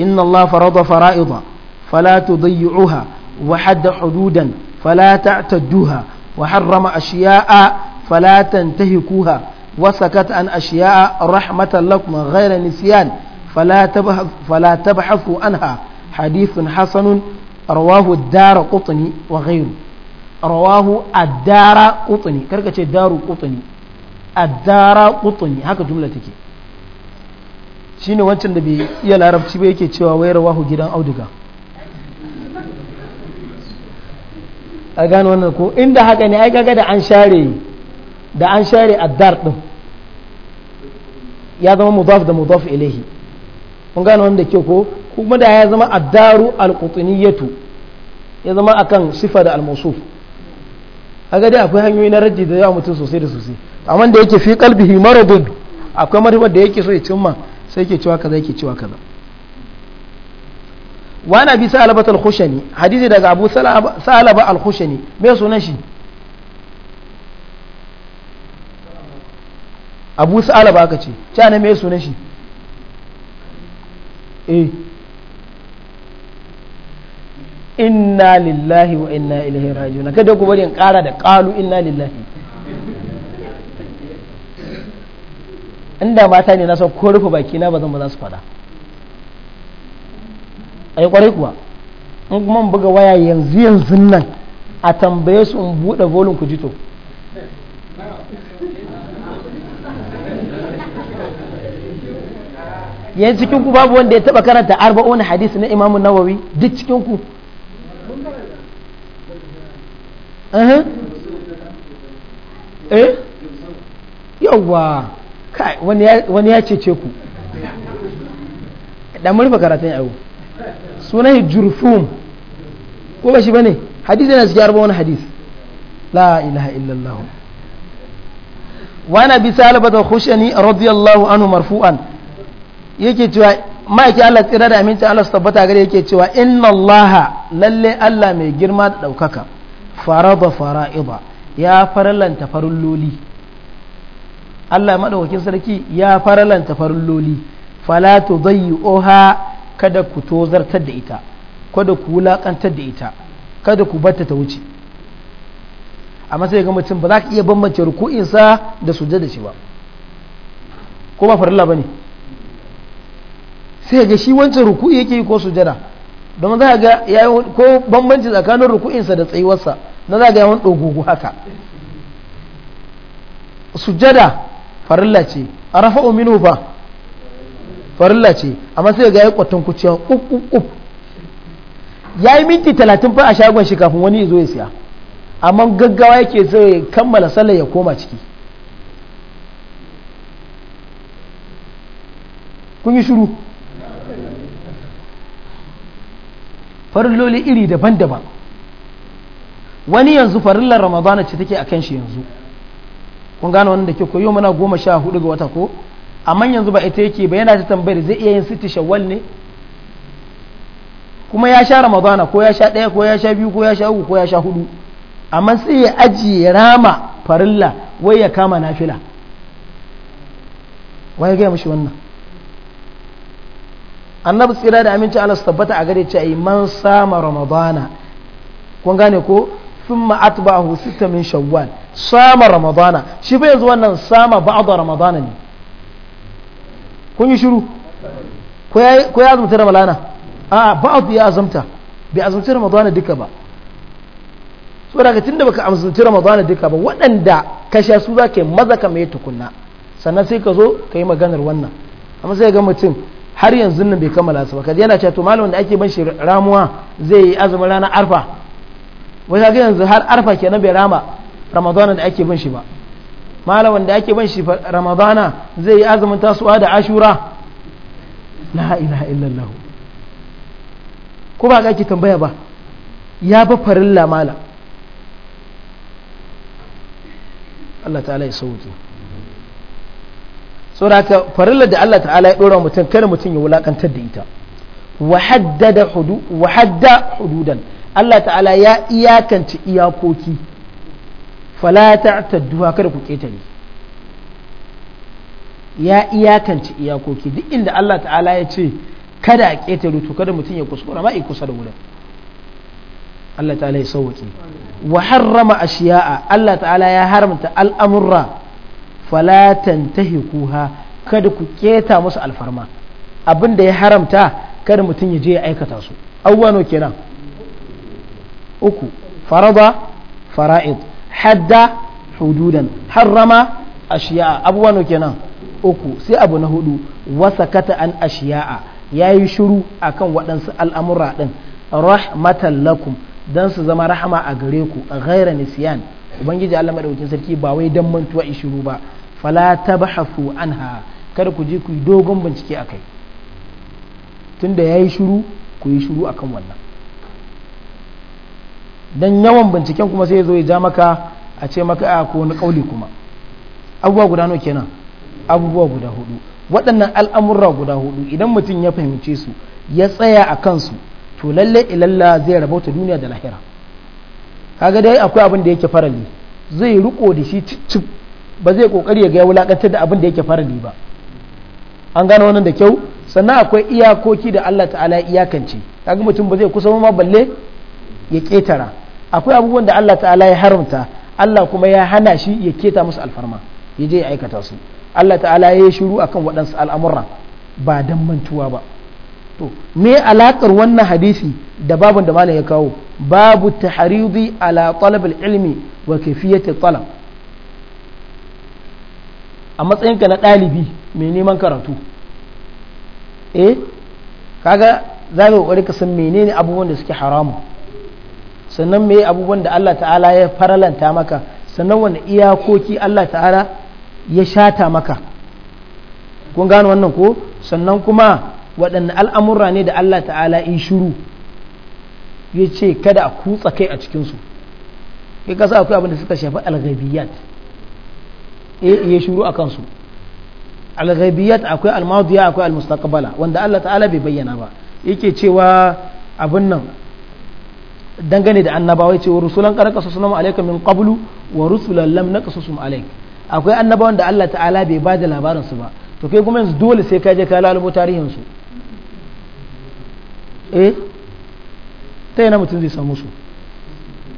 إن الله فرض فرائضا فلا تضيعوها وحد حدودا فلا تعتدوها وحرم أشياء فلا تنتهكوها وسكت عن أشياء رحمة لكم غير نسيان فلا تبحث فلا تبحثوا عنها حديث حسن رواه الدار قطني وغيره رواه الدار قطني كركة الدار قطني الدار قطني هكا جملة تكي shine wancan da bai iya larabci ba yake cewa wai rawahu gidan auduga a gano wannan ko inda haka ne ai kaga da an share da an share addar din ya zama mudaf da mudaf ilaihi kun gano wanda ke ko kuma da ya zama addaru alqutniyatu ya zama akan sifa da almusuf kaga dai akwai hanyoyi na raddi da yawa mutum sosai da sosai amma da yake fi kalbihi maradun akwai maradun da yake so ya cimma sai yake cewa kaza yake cewa kaza wa na bi الخشني حديث دا ابو daga abu sa'alaba al-khushani me sunan shi abu aka ce shi eh inna lillahi wa inna ilaihi raji'un kada ku bari in kara da qalu inna lillahi inda mata ne na san ko rufe baki na ba zan ba za su fada a yi kwarai kuwa in kuma buga waya yanzu yanzu nan a tambaye su in buɗe volin ku jito yanzu cikin ku babu wanda ya taba karanta arba'un hadisi na Imam Nawawi duk cikin ku eh kai wani ya cece ku dan murfa karatun yau sunan jurfum ko ba shi bane hadisi na cikin arba wani hadis la ilaha illallah wa na bi da radiyallahu anhu marfu'an yake cewa ma'aiki Allah tsira da aminci Allah su tabbata gare yake cewa inna Allah lalle Allah mai girma da ɗaukaka faraba fara'iba ya faralanta loli Allah maɗaukakin sarki ya faralanta zai yi oha. kada ku tozartar da ita kada ku wulakantar da ita kada ku bata ta wuce amma sai ga mutum ba za ka iya bambance ruku'insa da sujada shi ba ko ba farilla bane sai ga shi wancan ruku'i yake yi ko sujada, don za ga ya ko bambanci tsakanin ruku'insa da tsayuwarsa na za ga yawan dogogo haka Sujada farilla ce a rafa minhu fa farilla ce amma sai ga ya kwatan kuciya ƙuƙuƙuf ya yi minti talatin fa a shagon shi kafin wani zo ya siya amma gaggawa yake ya kammala sallar ya koma ciki kun yi shuru farilloli iri daban-daban wani yanzu farillar ramadana ce take a kan shi yanzu kun gane wannan da ke koyo mana goma sha hudu ga wata ko amma yanzu ba ita yake ba yana ta tambayar zai iya yin sitti shawwal ne kuma ya sha ramadana ko ya sha ɗaya ko ya sha biyu ko ya sha uku ko ya sha hudu amma sai ya ajiye rama farilla wai ya kama nafila wai gaya mashi wannan annabi tsira da aminci Allah tabbata a gare cewa man sama ramadana kun gane ko thumma atbahu sita min shawwal sama ramadana shi bai yanzu wannan sama ba'da ramadana ne kun yi shiru ko ya azumta ramadana a ba'adu ya azumta bai azumta ramadana duka ba so daga da baka azumta ramadana duka ba waɗanda ka sha su zaka maza ka mai tukunna sannan sai ka zo ka yi maganar wannan amma sai ga mutum har yanzu nan bai kammala su ba kaji yana cewa to malamin da ake ban shi ramuwa zai yi azumin ranar arfa wai ga yanzu har arfa kenan bai rama ramadana da ake ban shi ba malam wanda ake ban shi ramadana zai yi azumin tasuwa da ashura la ilaha illallah ko ba ka ki tambaya ba ya ba farilla malam Allah ta'ala ya sauke saboda farilla da Allah ta'ala ya dora mutum kada mutum ya wulakantar da ita wa haddada hudu wa hadda hududan Allah ta'ala ya iyakance iyakoki fala duha kada ku ƙetare ya iyakance iyakoki duk inda Allah ta'ala ya ce kada a ƙetare to kada mutum ya kuskura ma kusa da wurin Allah ta'ala ya sauwake wa harrama ashiya'a Allah ta'ala ya haramta al'amurra fala tantahikuha kada ku keta musu alfarma abinda ya haramta kada mutum ya je ya aikata su awwano kenan uku farada fara'id hadda hududan harrama ashiaa abubuwa no kenan uku sai abu na hudu wasa kata an ashiya'a ya yi shiru akan waɗansu al'amura ɗin rahmatan lakum don su zama rahama a gare ku a ghaira nisiyan ubangiji Allah madaukakin sarki ba wai dan mantuwa shiru ba fala tabhasu anha kada ku je ku yi dogon bincike akai tunda yayi shiru ku yi shiru akan wannan dan yawan binciken kuma sai ya zo ya ja maka a ce maka a ko na kauli kuma abubuwa guda nawa kenan abubuwa guda hudu waɗannan al'amurra guda hudu idan mutum ya fahimce su ya tsaya a kansu to lalle ilalla zai rabauta duniya da lahira kaga dai akwai abin da yake farali zai riko da shi cicci ba zai kokari ya ga wulakantar da abin da yake farali ba an gano wannan da kyau sannan akwai iyakoki da Allah ta'ala iyakance kaga mutum ba zai kusa ma balle ya ketara akwai abubuwan da Allah ta'ala ya haramta Allah kuma ya hana shi ya keta musu alfarma ya je ya aikata su Allah ta'ala ya yi shiru akan waɗansu al'amura ba dan mantuwa ba to me alaƙar wannan hadisi da babun da malam ya kawo babu tahridi ala talab ilmi wa kayfiyati talab a matsayinka na ɗalibi mai neman karatu eh kaga za ka kokari ka san menene abubuwan da suke haramu sannan me abubuwan da Allah ta'ala ya faralanta maka sannan wani iyakoki Allah ta'ala ya shata maka kun gano wannan ko sannan kuma waɗanne al'amurra ne da Allah ta'ala in shiru ya ce kada a kutsa kai a cikinsu ya kasa akwai abin da suka shafi alghabiyat eh, ya shiru a kansu alghabiyat akwai almadiya akwai almustaqbala wanda Allah ta'ala bai bayyana ba yake cewa abin nan dangane da annabawa ya ce wa rusulan qad qasasunahum alaikum min qablu wa rusulan lam naqsusum alaik akwai annabawan da Allah ta'ala bai bada da labarin su ba to kai kuma yanzu dole sai ka je ka lalubo tarihin su eh ta yana mutum zai samu su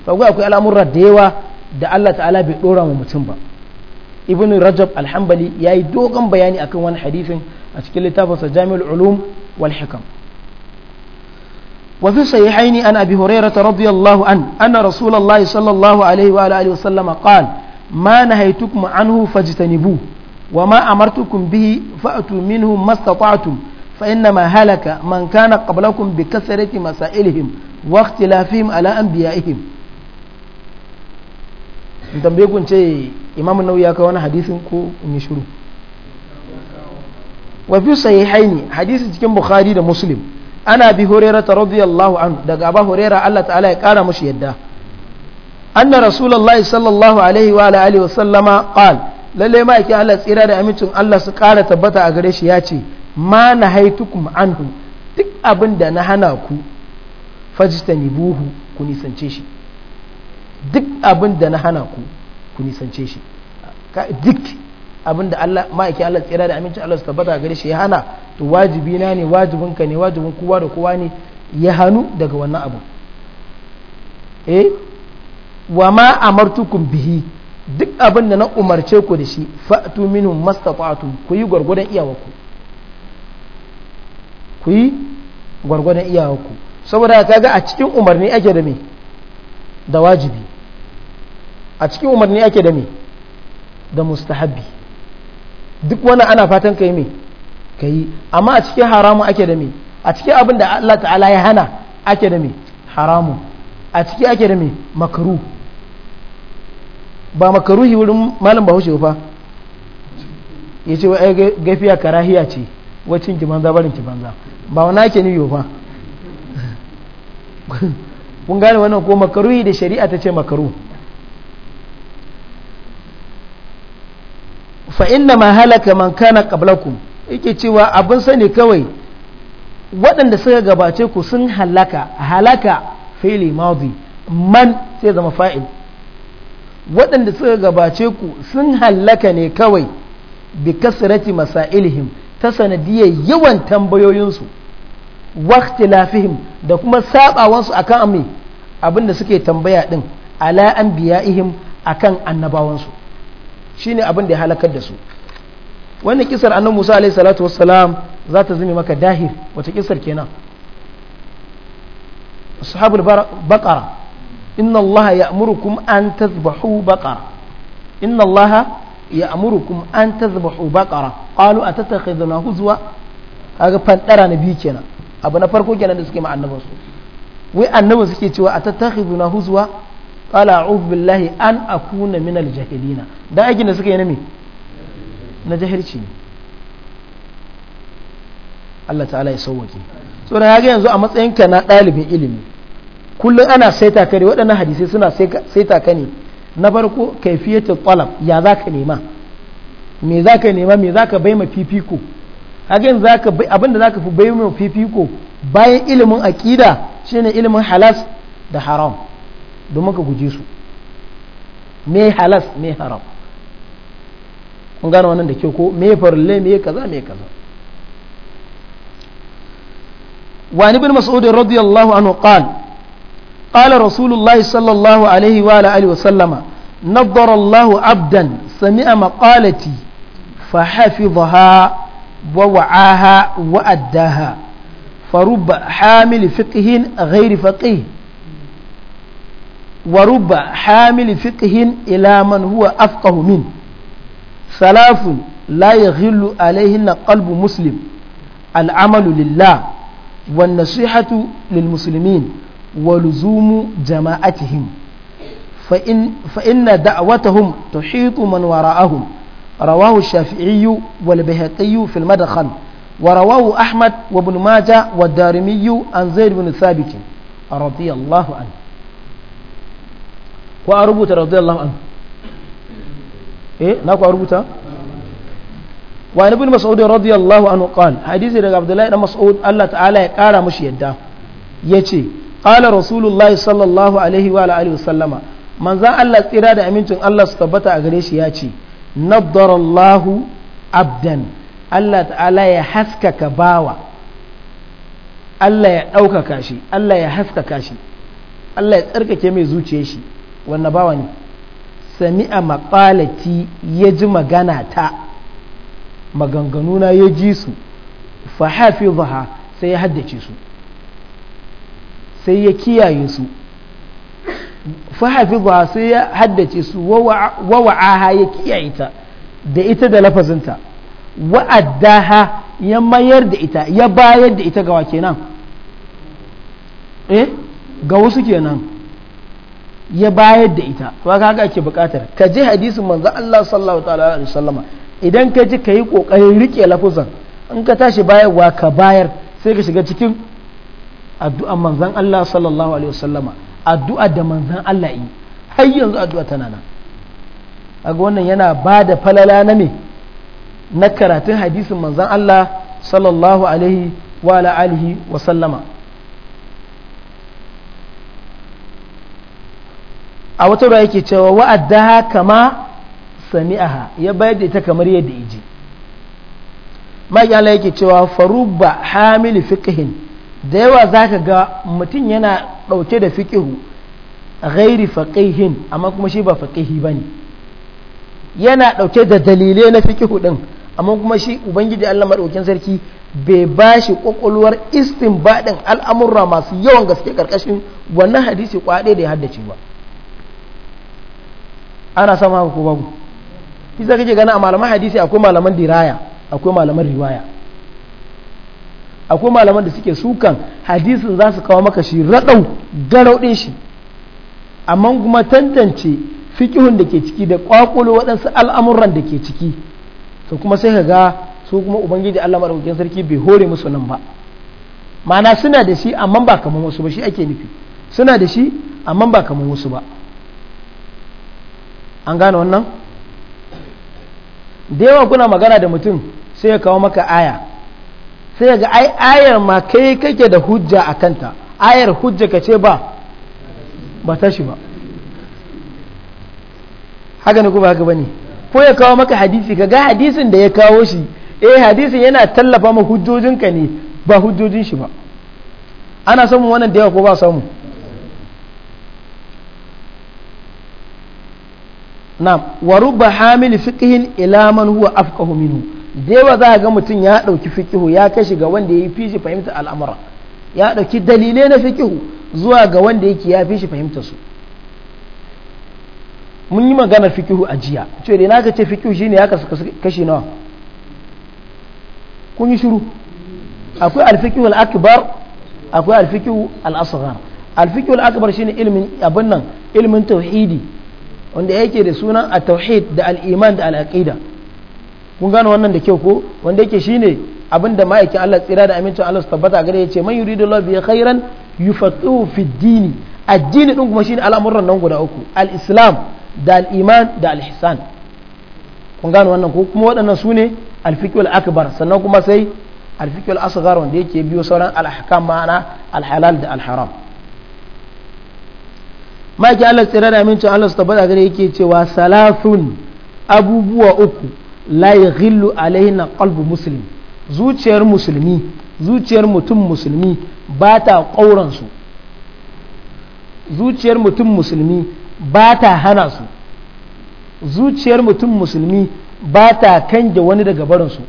to akwai al'amurra da yawa da Allah ta'ala bai dora wa mutum ba ibn rajab alhambali ya yi dogon bayani akan wani hadisin a cikin littafinsa jami'ul ulum wal hikam وفي الصحيحين عن أبي هريرة رضي الله عنه أن رسول الله صلى الله عليه وآله وسلم قال ما نهيتكم عنه فاجتنبوه وما أمرتكم به فأتوا منه ما استطعتم فإنما هلك من كان قبلكم بكثرة مسائلهم واختلافهم على أنبيائهم in tambaye kun ce imamun nau'i ya kawo wani hadisin ko in yi shiru wa fi sahihaini hadisi cikin bukhari da muslim ana bi hurairah radiyallahu anhu daga aba hurairah Allah ta'ala ya kara mushi yadda anna rasulullahi sallallahu alaihi wa alihi wa sallama ma yake Allah da amincin Allah su kara tabbata a gare shi ya ce ma na hana ku fajtanibuhu duk na hana ku shi abinda Allah ma'aikin Allah tsira da amincin Allah su tabbata gare shi ya hana to wajibi na ne wajibin ka ne wajibin kowa da kowa ne ya hannu daga wannan abu eh wa ma amartukum bihi duk abin da na umarce ku da shi fa'tu minhu mastata'tu ku yi gurgurdan iyawarku ku yi gwargwadon iyawarku saboda kaga a cikin umarni ake da me da wajibi a cikin umarni ake da me da mustahabbi duk wani ana fatan kai ka kai amma a cikin haramun ake da mai a cikin abin da Allah ta'ala ya hana ake da mai haramun a cikin ake da mai makaru ba makaruhi wurin malam hushe ba ya ce wa'ai gafiya karahiya ce wacin ki banza barin ki banza ba wani ake niyo yofa kun gane wannan ko makaruhi da shari'a ta ce makaru fa inna ma halaka man kana qablakum yake cewa abin sani kawai waɗanda suka gabace ku sun halaka halaka fili madi man sai zama fa'il waɗanda suka gabace ku sun halaka ne kawai bi kasrati masailihim ta sanadiyar yawan tambayoyinsu waqti lafihim da kuma sabawansu akan abin da suke tambaya din ala anbiya'ihim akan annabawansu shine abin da ya halakar da su wannan kisar annabi Musa alaihi salatu wassalam za ta zame maka dahir wata kisar kenan ashabul baqara inna allaha ya'murukum an tadhbahu baqara inna allaha ya'murukum an tadhbahu baqara qalu atattakhidhuna huzwa kaga fantara na biyu kenan abu na farko kenan da suke ma annabinsu wai annabin suke cewa atattakhidhuna huzwa qala a'udhu billahi an akuna min al-jahilina da aikin da suka yi na me na jahilci ne Allah ta'ala ya sauwake saboda ya ga yanzu a ka na dalibin ilimi kullum ana saita ka ne waɗannan hadisai suna saita ka ne na farko kaifiyatul talab ya zaka nema me zaka nema me zaka bai ma fifiko hakan abinda zaka fi bai ma fifiko bayan ilimin aƙida shine ilimin halas da haram domin ka guje su me halas me haram kun gane wannan da kyau ko me farle me kaza me kaza وعن ابن مسعود رضي الله عنه قال قال رسول الله صلى الله عليه وعلى آله وسلم نظر الله عبدا سمع مقالتي فحفظها ووعاها وأداها فرب حامل فقه غير فقيه wa rubba hamil fiqhin ila man huwa afqahu min salafun la yaghillu alaihinna qalbu muslim al'amalu lillah wan nasihatu lil muslimin wa luzumu jama'atihim fa in fa inna da'watahum tuhitu man wara'ahum rawahu ash-shafi'i wal bayhaqi fi al-madkhal wa أحمد وابن ماجه والدارمي عن زيد بن ثابت رضي الله عنه ko a rubuta radiyallahu anhu eh na ku rubuta wa ibn mas'ud radiyallahu anhu qal hadisi daga abdullahi dan mas'ud Allah ta'ala ya kara mushi yadda yace qala rasulullahi sallallahu alaihi wa alihi wasallama manza Allah tsira da amincin Allah su tabbata a gare shi ya ce nabdarallahu abdan Allah ta'ala ya haskaka bawa Allah ya ɗaukaka shi Allah ya haskaka shi Allah ya tsarkake mai zuciyar shi wannan bawa ne sami'a maƙalati ya ji magana ta maganganuna ya ji su fa hafizaha sai ya haddace su sai ya kiyaye su fa hafizaha sai ya haddace su wa wa'aha ya kiyaye ta da ita da lafazinta wa'addaha ya mayar da ita ya bayar da ita ga wa kenan eh ga wasu kenan ya bayar da ita to haka ake bukatar ka ji hadisin manzo Allah sallallahu ta'ala alaihi wasallama idan ka ji ka yi kokarin rike lafuzan in ka tashi bayarwa ka bayar sai ka shiga cikin addu'a manzon Allah sallallahu alaihi wasallama addu'a da manzon Allah yi har yanzu addu'a tana nan kaga wannan yana ba da falala na ne na karatun hadisin manzon Allah sallallahu alaihi wa alihi wa sallama a wata ruwa yake cewa wa'adda kama sami'aha ya bayar da ita kamar yadda iji maƙyala yake cewa ba hamili fikihin da yawa zaka ga mutum yana ɗauke da fikihu ghairi faƙihin amma kuma shi ba faƙihi ba ne yana ɗauke da dalilai na fiƙihu ɗin amma kuma shi ubangiji allah maɗaukin sarki bai ba shi ƙwaƙwalwar istin baɗin al'amurra masu yawan gaske ƙarƙashin wannan hadisi kwaɗe da ya haddace ba ana sama haka ko babu kisa kake gana a malaman hadisi akwai malaman diraya akwai malaman riwaya akwai malaman da suke sukan hadisin za su kawo maka shi raɗau garau din shi amma kuma tantance fikihun da ke ciki da kwakulo waɗansu al'amuran da ke ciki to kuma sai ka ga su kuma ubangiji Allah madaukakin sarki bai hore musu nan ba mana suna da shi amma ba kamar wasu ba shi ake nufi suna da shi amma ba kamar wasu ba an gane wannan da yawa kuna magana da mutum sai ya kawo maka aya sai ga ai ayar ma kai kake da hujja a kanta ayar hujja ka ce ba ba ta shi ba haka ne ba haka ba ne ko ya kawo maka hadisi ka ga hadisin da ya kawo shi eh hadisin yana tallafa ma hujjojinka ne ba hujjojin shi ba ana samun wannan da yawa ko ba samu na'am wa rubba hamil fiqhin ila man huwa afqahu minhu da yawa za ga mutum ya dauki fiqhu ya kashi ga wanda yayi fishi fahimta al'amura ya dauki dalilai na fiqhu zuwa ga wanda yake ya fishi fahimta su mun yi magana fiqhu a jiya ce da naka ce fiqhu shine ya kashi nawa kun yi shiru akwai alfiqhu al-akbar akwai alfiqhu al-asghar alfiqhu al-akbar shine ilmin abin nan ilmin tauhidi wanda yake da sunan a tauhid da al-iman da al'aqida kun gano wannan da kyau ko wanda yake shine abin da ma'aikin Allah tsira da amincin Allah su tabbata gare ya ce man yuridu Allah bi khairan yufaqihu fi dini addini din kuma shine al'amuran nan guda uku al-islam da al-iman da al-ihsan kun gano wannan ko kuma waɗannan al ne al akbar sannan kuma sai al al asghar wanda yake biyo sauran al-ahkam ma'ana al-halal da al-haram ki Allah tsira da amincin Allah su tabbata gare yake cewa salafun abubuwa uku la yaghillu na qalbu muslim zuciyar musulmi zuciyar mutum musulmi ba ta ƙauransu zuciyar mutum musulmi ba ta hana su zuciyar mutum musulmi ba ta kange wani daga barinsu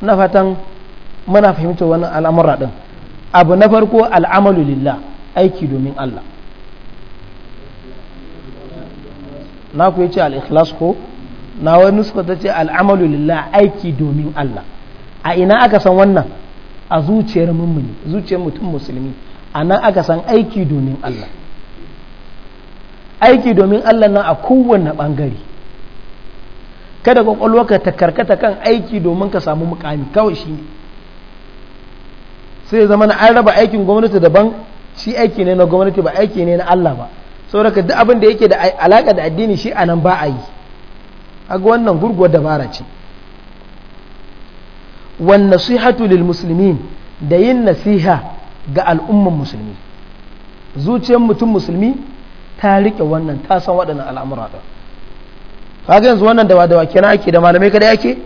na fatan muna fahimta wani al'amura ɗin abu na farko al'amalu lillah aiki domin Allah na ku yace al-ikhlas ko na wani suka ta ce al'amalu lillah aiki domin Allah a ina aka san wannan a zuciyar mummuni zuciyar mutum musulmi a nan aka san aiki domin Allah aiki domin Allah na a kowane ɓangare kada kwakwalwarka ta karkata kan aiki domin ka samu mukami kawai shi sai zama na an raba aikin gwamnati daban shi aiki ne na gwamnati ba aiki ne na Allah ba saboda duk abin da yake da alaka da addini shi anan ba a yi aga wannan gurguwar dabara ce wan nasihatu lil muslimin da yin nasiha ga al'umman musulmi zuciyar mutum musulmi ta rike wannan ta san waɗannan al'amura Ka ga yanzu wannan dawa dawa kenan ake da malamai kada yake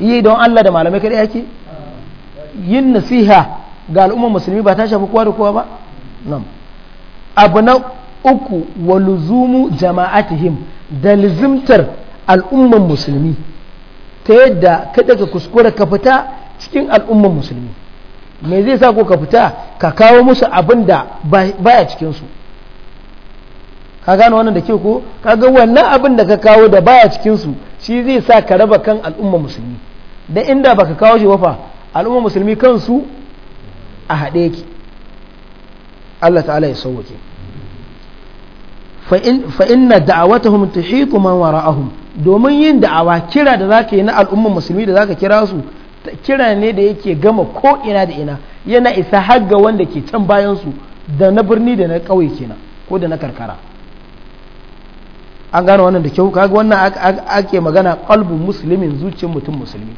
yi don Allah da malamai kada yake yin nasiha ga al'ummar musulmi ba ta shafi kowa da kowa ba nan abu na uku wa luzumu jama'atihim da lizimtar al'ummar musulmi ta yadda ka daga kuskure ka fita cikin al'ummar musulmi me zai sa ko ka fita ka kawo musu abin da baya cikinsu ka gano wannan da ke ko kaga wannan abin da ka kawo da baya cikinsu shi zai sa ka raba kan al'ummar musulmi da inda baka kawo shi wafa al'ummar musulmi kansu a haɗe ki Allah ta'ala ya sauwake fa inna da'awatahum tuhitu man wara'ahum domin yin da'awa kira da zaka yi na al'umman musulmi da zaka kira su kira ne da yake gama ko ina da ina yana isa har ga wanda ke can bayan su da na birni da na ƙauye kenan ko da na karkara an gano wannan da kyau kaga wannan ake magana qalbu muslimin zuciyar mutum musulmi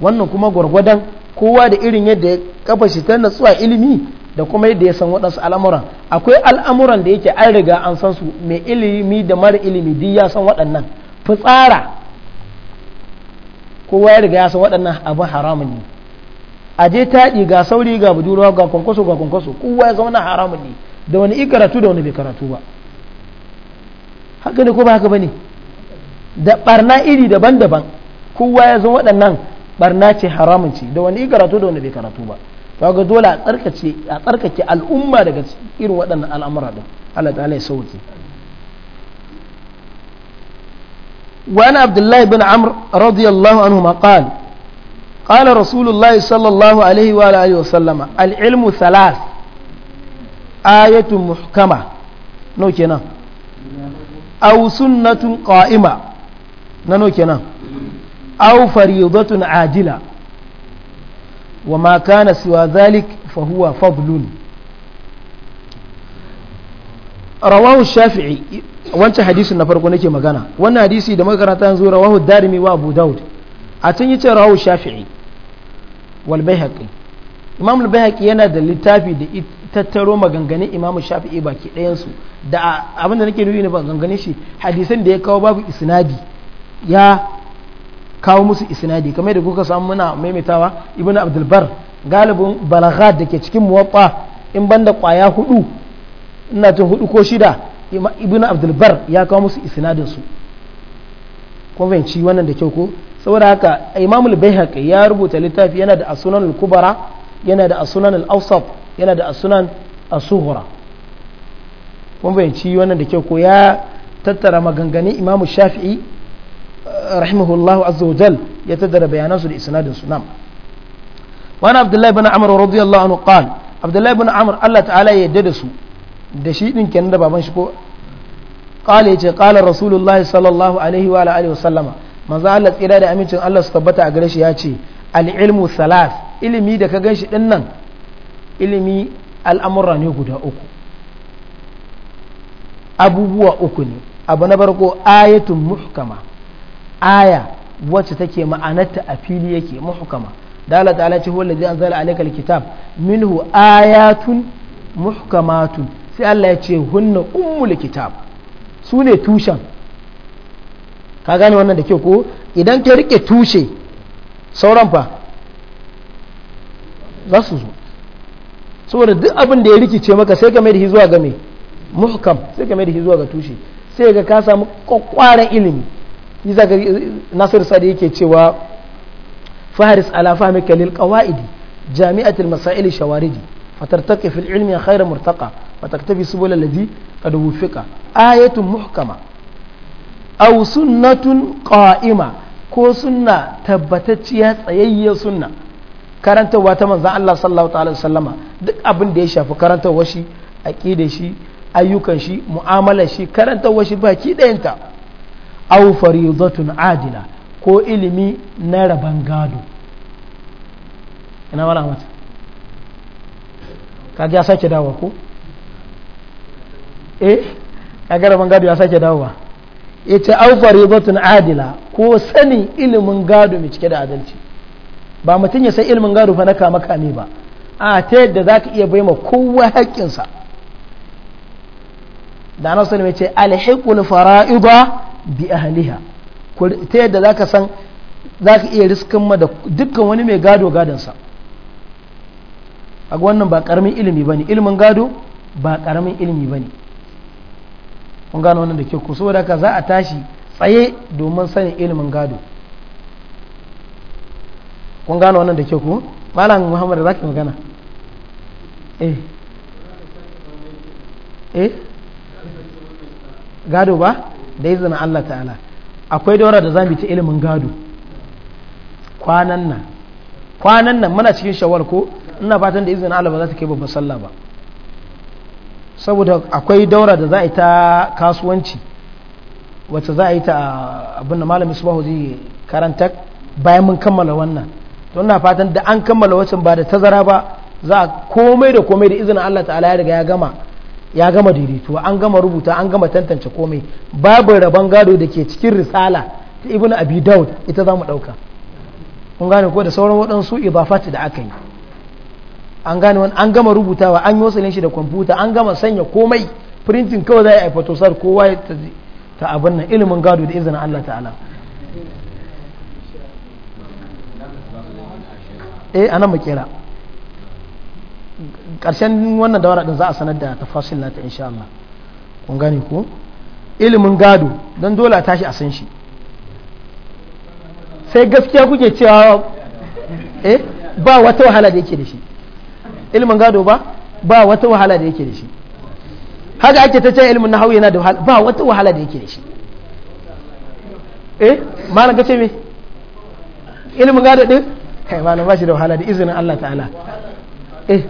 wannan kuma gwargwadon kowa da irin yadda ya kafa shi ta natsuwa ilimi da kuma yadda ya san waɗansu al'amuran akwai al'amuran da yake an riga an san su mai ilimi da mara ilimi duk ya san waɗannan fitsara kowa ya riga ya san waɗannan abin haramun ne a je taɗi ga sauri ga budurwa ga kwankwaso ga kwankwaso kowa ya san wannan haramun ne da wani i karatu da wani bai karatu ba haka ne ko ba haka ba ne da ɓarna iri daban-daban kowa ya san waɗannan barna ce haramun ce da wani karatu da wani bai karatu ba to ga dole a tsarkake a tsarkake al'umma daga irin waɗannan al'amura din Allah ta'ala ya sauke wa ana abdullah ibn amr radiyallahu anhu ma qala qala rasulullahi sallallahu alaihi wa alihi wa sallama al-ilmu thalas ayatun muhkama no kenan aw sunnatun qa'ima na no kenan aw faridatun ajila wa ma kana siwa dhalik fa huwa fadlun shafi'i wancan hadisin na farko nake magana wannan hadisi da muka karanta yanzu rawahu darimi wa abu daud a can yace rawahu shafi'i wal bayhaqi imam al bayhaqi yana da littafi da tattaro maganganun imam shafi'i baki ɗayan su da abinda nake nuni ne ba ganganin shi hadisan da ya kawo babu isnadi ya kawo musu isnadi kamar da kuka samu muna maimaitawa ibnu abdul bar galibin balaghat da ke cikin muwaffa in banda kwaya hudu ina jin hudu ko shida ibnu abdul bar ya kawo musu isnadin su kun fahimci wannan da kyau ko saboda haka imam al-baihaqi ya rubuta littafi yana da as-sunan al-kubra yana da as-sunan al-awsat yana da as-sunan as-sughra kun fahimci wannan da kyau ko ya tattara maganganun imam shafi'i rahimahullahu azza wajal ya tattara bayanan su da isnadin su nam wani abdullahi bin amr yarda da da shi din kenan da baban shi ko qala yace qala rasulullahi sallallahu alaihi wa alihi wa sallama manzo Allah da amincin Allah su tabbata a ya ce al ilmu salas ilimi da ka gan shi ilimi al'amurra ne guda uku abubuwa uku ne abu na farko ayatun muhkama aya wacce take ma'anarta a fili yake muhkama da Allah ta'ala ce huwa allazi anzala alayka alkitab minhu ayatun muhkamatun sai Allah ya ce hunna ummul kitab su ne tushen ka gane wannan da ke ko idan ka rike tushe sauran fa za su zo saboda duk abin da ya rikice maka sai ka mai da shi zuwa ga me muhkam sai ka mai da shi zuwa ga tushe sai ka ka samu kwakwaran ilimi yiza gari nasir sadi yake cewa faharis ala fahmi kalil qawaidi jami'at al masail shawaridi fatartaqi fil ilmi khayra murtaqa fataktabi subul alladhi qad wufiqa ayatun muhkama aw sunnatun qa'ima ko sunna tabbatacciya tsayayya sunna karantawa ta manzan Allah sallallahu ta'ala sallama duk abin da ya shafi karantar shi aqidar shi ayyukan shi mu'amalar shi karantar shi baki ɗayanta au faridatun adila ko ilimi na raban gado ina mala mata kaji ya sake dawa ko eh kaga raban gado ya sake dawa ita au faridatun adila ko sani ilimin gado mai cike da adalci ba mutum ya san ilimin gado fa na kama kame ba a ta yadda za ka iya baima kowa haƙƙinsa da na sani mai ce alhaƙul fara'ida bi ahliha ta yadda zaka san zaka iya riskan ma da dukkan wani mai gado gadonsa a wannan ba karamin ilimi bane ilimin gado ba karamin ilimi bane kun gano wannan da ke ku saboda haka za a tashi tsaye domin sanin ilimin gado kun gano wannan da ke ku malam muhammad za ka magana eh eh gado ba da izinin Allah ta'ala akwai daura da zamu ta ilimin gado kwanan nan kwanan nan muna cikin shawar ko ina fatan da izinin Allah ba za ta kai babban sallah ba saboda akwai daura da za a yi ta kasuwanci wacce za a yi ta abin da malamin subahu zai karanta bayan mun kammala wannan to ina fatan da an kammala wacce ba da tazara ba za a komai da komai da izinin Allah ta'ala ya riga ya gama ya gama daidaituwa an gama rubuta an gama tantance komai babu rabon gado da ke cikin risala ta ibn abi daud ita za mu ɗauka kun gane ko da sauran waɗansu idafat da aka yi an gane wani an gama rubutawa an yi wasalin shi da kwamfuta an gama sanya komai firintin kawai za a yi photosar kowa ta abin nan ilimin gado da izinin Allah ta'ala eh anan mu kira ƙarshen wannan daura din za a sanar da tafasil nata sha Allah kun gane ko ilimin gado don dole a tashi a san shi sai gaskiya kuke cewa eh ba wata wahala da yake da shi ilimin gado ba ba wata wahala da yake da shi haka ake ta cewa ilimin nahawu yana da wahala ba wata wahala da yake da shi eh malam kace me ilimin gado din kai malam ba shi da wahala da izinin Allah ta'ala eh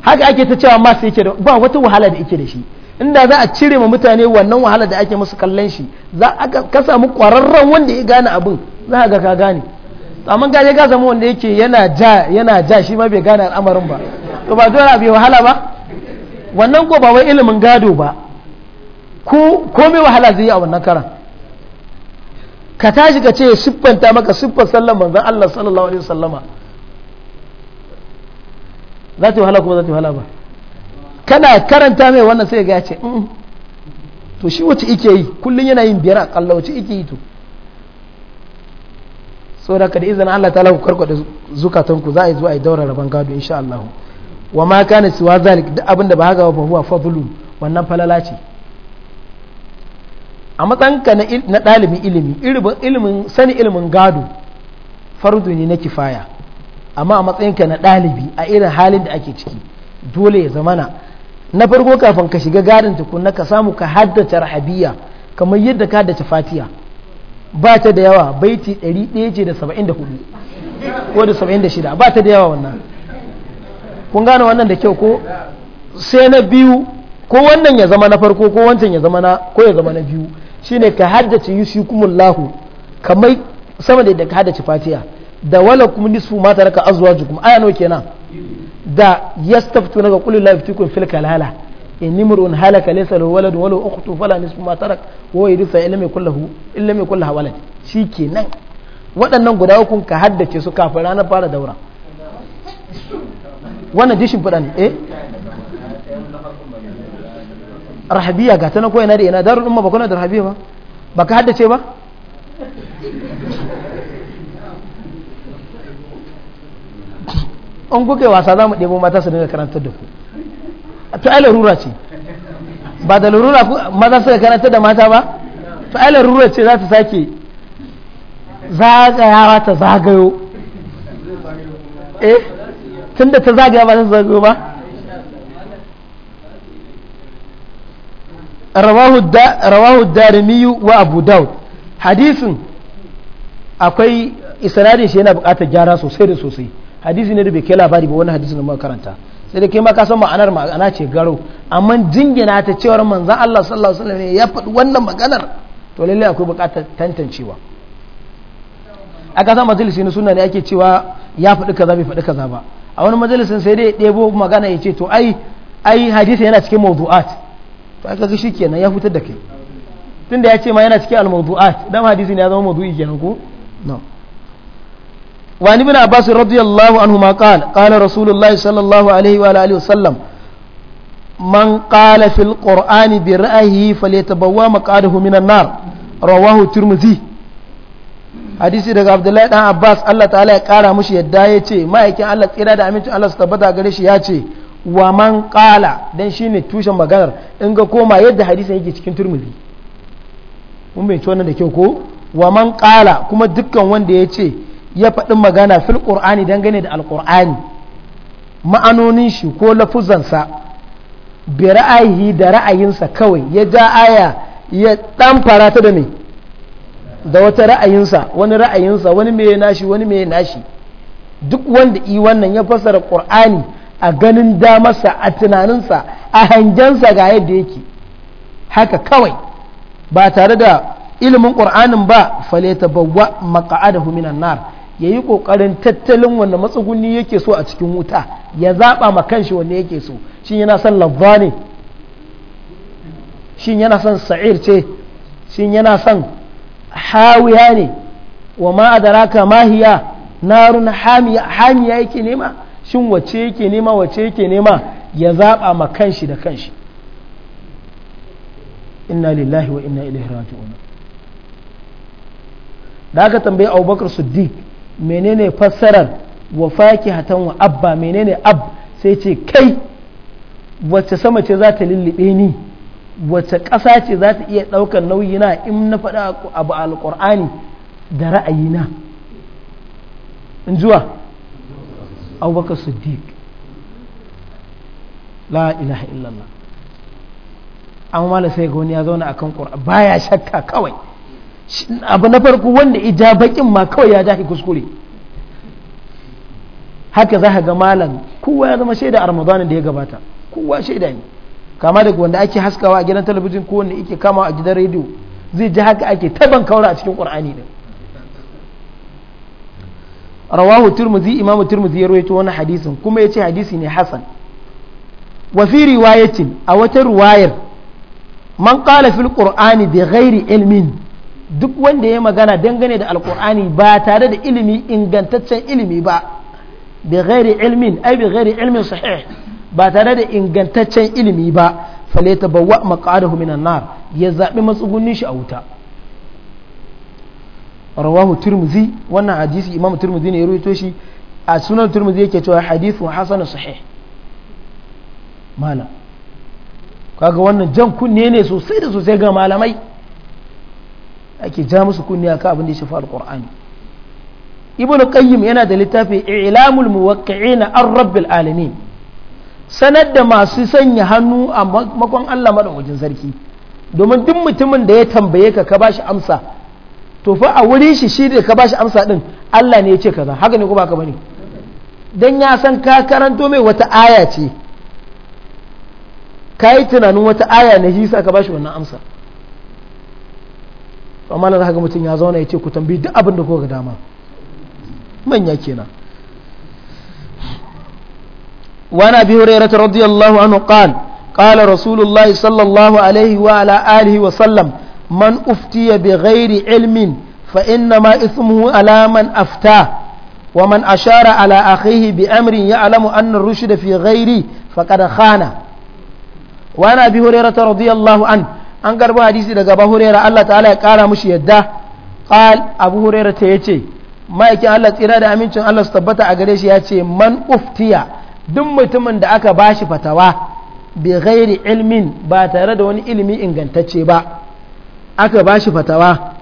haka ake ta cewa mas yake da ba wata wahala da yake da shi inda za a cire ma mutane wannan wahala da ake musu kallon shi za a ka samu kwararren wanda ya gane abin za a ga ka gane amma gaje ka zama wanda yake yana ja yana ja shi ma bai gane al'amarin ba to ba dole bai wahala ba wannan ko ba wai ilimin gado ba ko ko mai wahala zai yi a wannan karan ka tashi ka ce siffanta maka siffar sallan manzon Allah sallallahu alaihi wasallama za ta wahala kuma za ta wahala ba kana karanta mai wannan sai ga ce to shi wace ike yi kullum yana yin biyar akalla wace ike yi to da ka da izinin Allah ta ku karkwada zukatanku za a yi zuwa yi daura rabon gado insha Allah wa ma kana siwa zalik duk abin da ba haka ba huwa fadlu wannan falala ce a matsanka na ɗalibin ilimi ilimin sani ilimin gado fardu ne na kifaya amma a matsayinka na ɗalibi a irin halin da ake ciki dole ya zamana na farko kafin ka shiga gadin tukunna ka samu ka haddace rahabiyya kamar yadda ka haddace fatiya ba ta da yawa baiti 100 ce da 74 ko da 76 ba ta da yawa wannan kun gane wannan da kyau ko sai na biyu ko wannan ya zama na farko ko wancan ya zama na ko ya zama na biyu shine ka haddace yusikumullahu kamar sama da ka haddace fatiya da walakum nisfu ma taraka azwajukum aya nawa kenan da yastaftu naka qul la yaftikum fil kalala in imrun halaka laysa lahu walad wa lahu ukhtu fala nisfu ma tarak wa yaritha illam yakul lahu illam yakul lahu walad shikenan waɗannan guda uku ka haddace su kafin ranar fara daura wannan dishin fada ne eh rahabiya ga ta na koyana da ina darul umma ba kuna da rahabiya ba ba ka haddace ba an guke wasa za mu ɗebo mata su dinga karantar da ku to ai larura ce ba da larura maza suka karantar da mata ba to ai larura ce za ta sake zagayawa ta zagayo eh tunda ta zagaya ba ta zagayo ba rawahu darimi wa abu daud hadisin akwai isnadin shi yana bukatar gyara sosai da sosai hadisi ne da bai kai labari ba wani hadisi ne muka karanta sai da kai ma ka san ma'anar ma'ana ce garo amma jingina ta cewar manzon Allah sallallahu alaihi wasallam ya faɗi wannan maganar to lalle akwai buƙatar tantancewa a kasan majalisi na sunna ne ake cewa ya faɗi kaza bai faɗi kaza ba a wani majalisin sai dai ɗebo magana ya ce to ai ai hadisi yana cikin mawdu'at to ai kaga shikenan ya fitar da kai tunda ya ce ma yana cikin al-mawdu'at dan hadisi ne ya zama mawdu'i kenan ko no وعن ابن عباس رضي الله عنهما قال قال رسول الله صلى الله عليه وآله وسلم من قال في القرآن برأيه فليتبوى مقعده من النار رواه الترمذي hadisi daga abdullahi dan abbas عباس ta'ala ya kara mushi yadda ya ce ma'aikin allah tsira da amincin allah su tabbata gare shi ya ce wa man kala dan shine tushen maganar in ga koma yadda hadisin yake cikin turmudi mun bai wannan da kyau ko wa man qala kuma dukkan wanda ya ce ya faɗi magana fil dangane da alƙur'ani ma'anonin shi ko lafuzansa bi ra'ayi da ra'ayinsa kawai ya ja aya ya farata da mai da wata ra'ayinsa wani ra'ayinsa wani mai nashi wani mai nashi duk wanda i wannan ya fassara ƙur'ani a ganin damarsa a tunaninsa a hangensa ga yadda yake haka kawai ba tare da ilimin ƙur'anin ba ta bawa maka'adahu minan nar ya yi ƙoƙarin tattalin wanda matsuguni yake so a cikin wuta ya zaɓa ma kanshi wanda yake so shi yana son labba ne shi yana son sa'ir ce shi yana son hawiya ne wa ma adaraka mahiya narun hamiya yake nema shin wace yake nema wace yake nema ya zaɓa ma kanshi da kanshi inna lillahi wa inna ilaihi raji'un da aka tambayi abubakar siddiq menene fassarar wa hatan wa abba menene ab sai ce kai wacce sama ce za ta lullube ni wacce ƙasa ce za ta iya ɗaukar nauyina in na faɗa abu alƙur'ani da ra'ayina in zuwa abubakar siddiq la ilaha illallah amma mala sai ga wani ya zauna a kan ba baya shakka kawai abu na farko wanda ija bakin ma kawai ya jahi kuskure haka za ka ga malam kowa ya zama shaida a ramadanin da ya gabata kowa shaida ne kama daga wanda ake haskawa a gidan talabijin ko wanda ake kama a gidan rediyo zai ji haka ake taban kaura a cikin qur'ani din rawahu turmuzi imamu turmuzi ya rawaito wani hadisin kuma ya ce hadisi ne hasan wa fi riwayatin a wata ruwayar man qala fil qur'ani bi ghairi ilmin duk wanda ya magana dangane da alkur'ani ba tare da ilimi ingantaccen ilimi ba bi ghairi ilmin ay bi ghairi ilmin sahih ba tare da ingantaccen ilimi ba fale tabawwa maqadahu minan nar ya zabi matsugunnin shi a wuta rawahu turmuzi wannan hadisi imam turmuzi ne ya shi a sunan turmuzi yake cewa hadithu hasan sahih mala kaga wannan jan kunne ne sosai da sosai ga malamai ake ja musu kunni ka abin da ya shafi alkur'ani ibnu qayyim yana da littafi i'lamul muwaqqi'ina ar rabbil alamin sanar da masu sanya hannu a makon Allah madawajin sarki domin duk mutumin da ya tambaye ka ka bashi amsa to fa a wurin shi shi da ka bashi amsa din Allah ne ya ce kaza haka ne ko baka bane dan ya san ka karanto mai wata aya ce ka tunanin wata aya ne shi sa ka bashi wannan amsa to amma da ga mutum ya zauna ya ce ku tambayi duk abin da kuka dama manya kenan وعن ابي هريره رضي الله عنه قال قال رسول الله صلى الله عليه وعلى اله وسلم من افتي بغير علم فانما اثمه على من افتاه ومن اشار على اخيه بامر يعلم ان الرشد في غيره فقد خان وعن ابي هريره رضي الله عنه an karbi hadisi daga Abu Hurairah Allah ta'ala ya kara mushi yadda qal Abu Hurairah ta yace ma'aikin Allah tsira da amincin Allah su tabbata a gare shi ya ce man uftiya duk mutumin da aka bashi fatawa bi ghairi ilmin ba tare da wani ilimi ingantacce ba aka bashi fatawa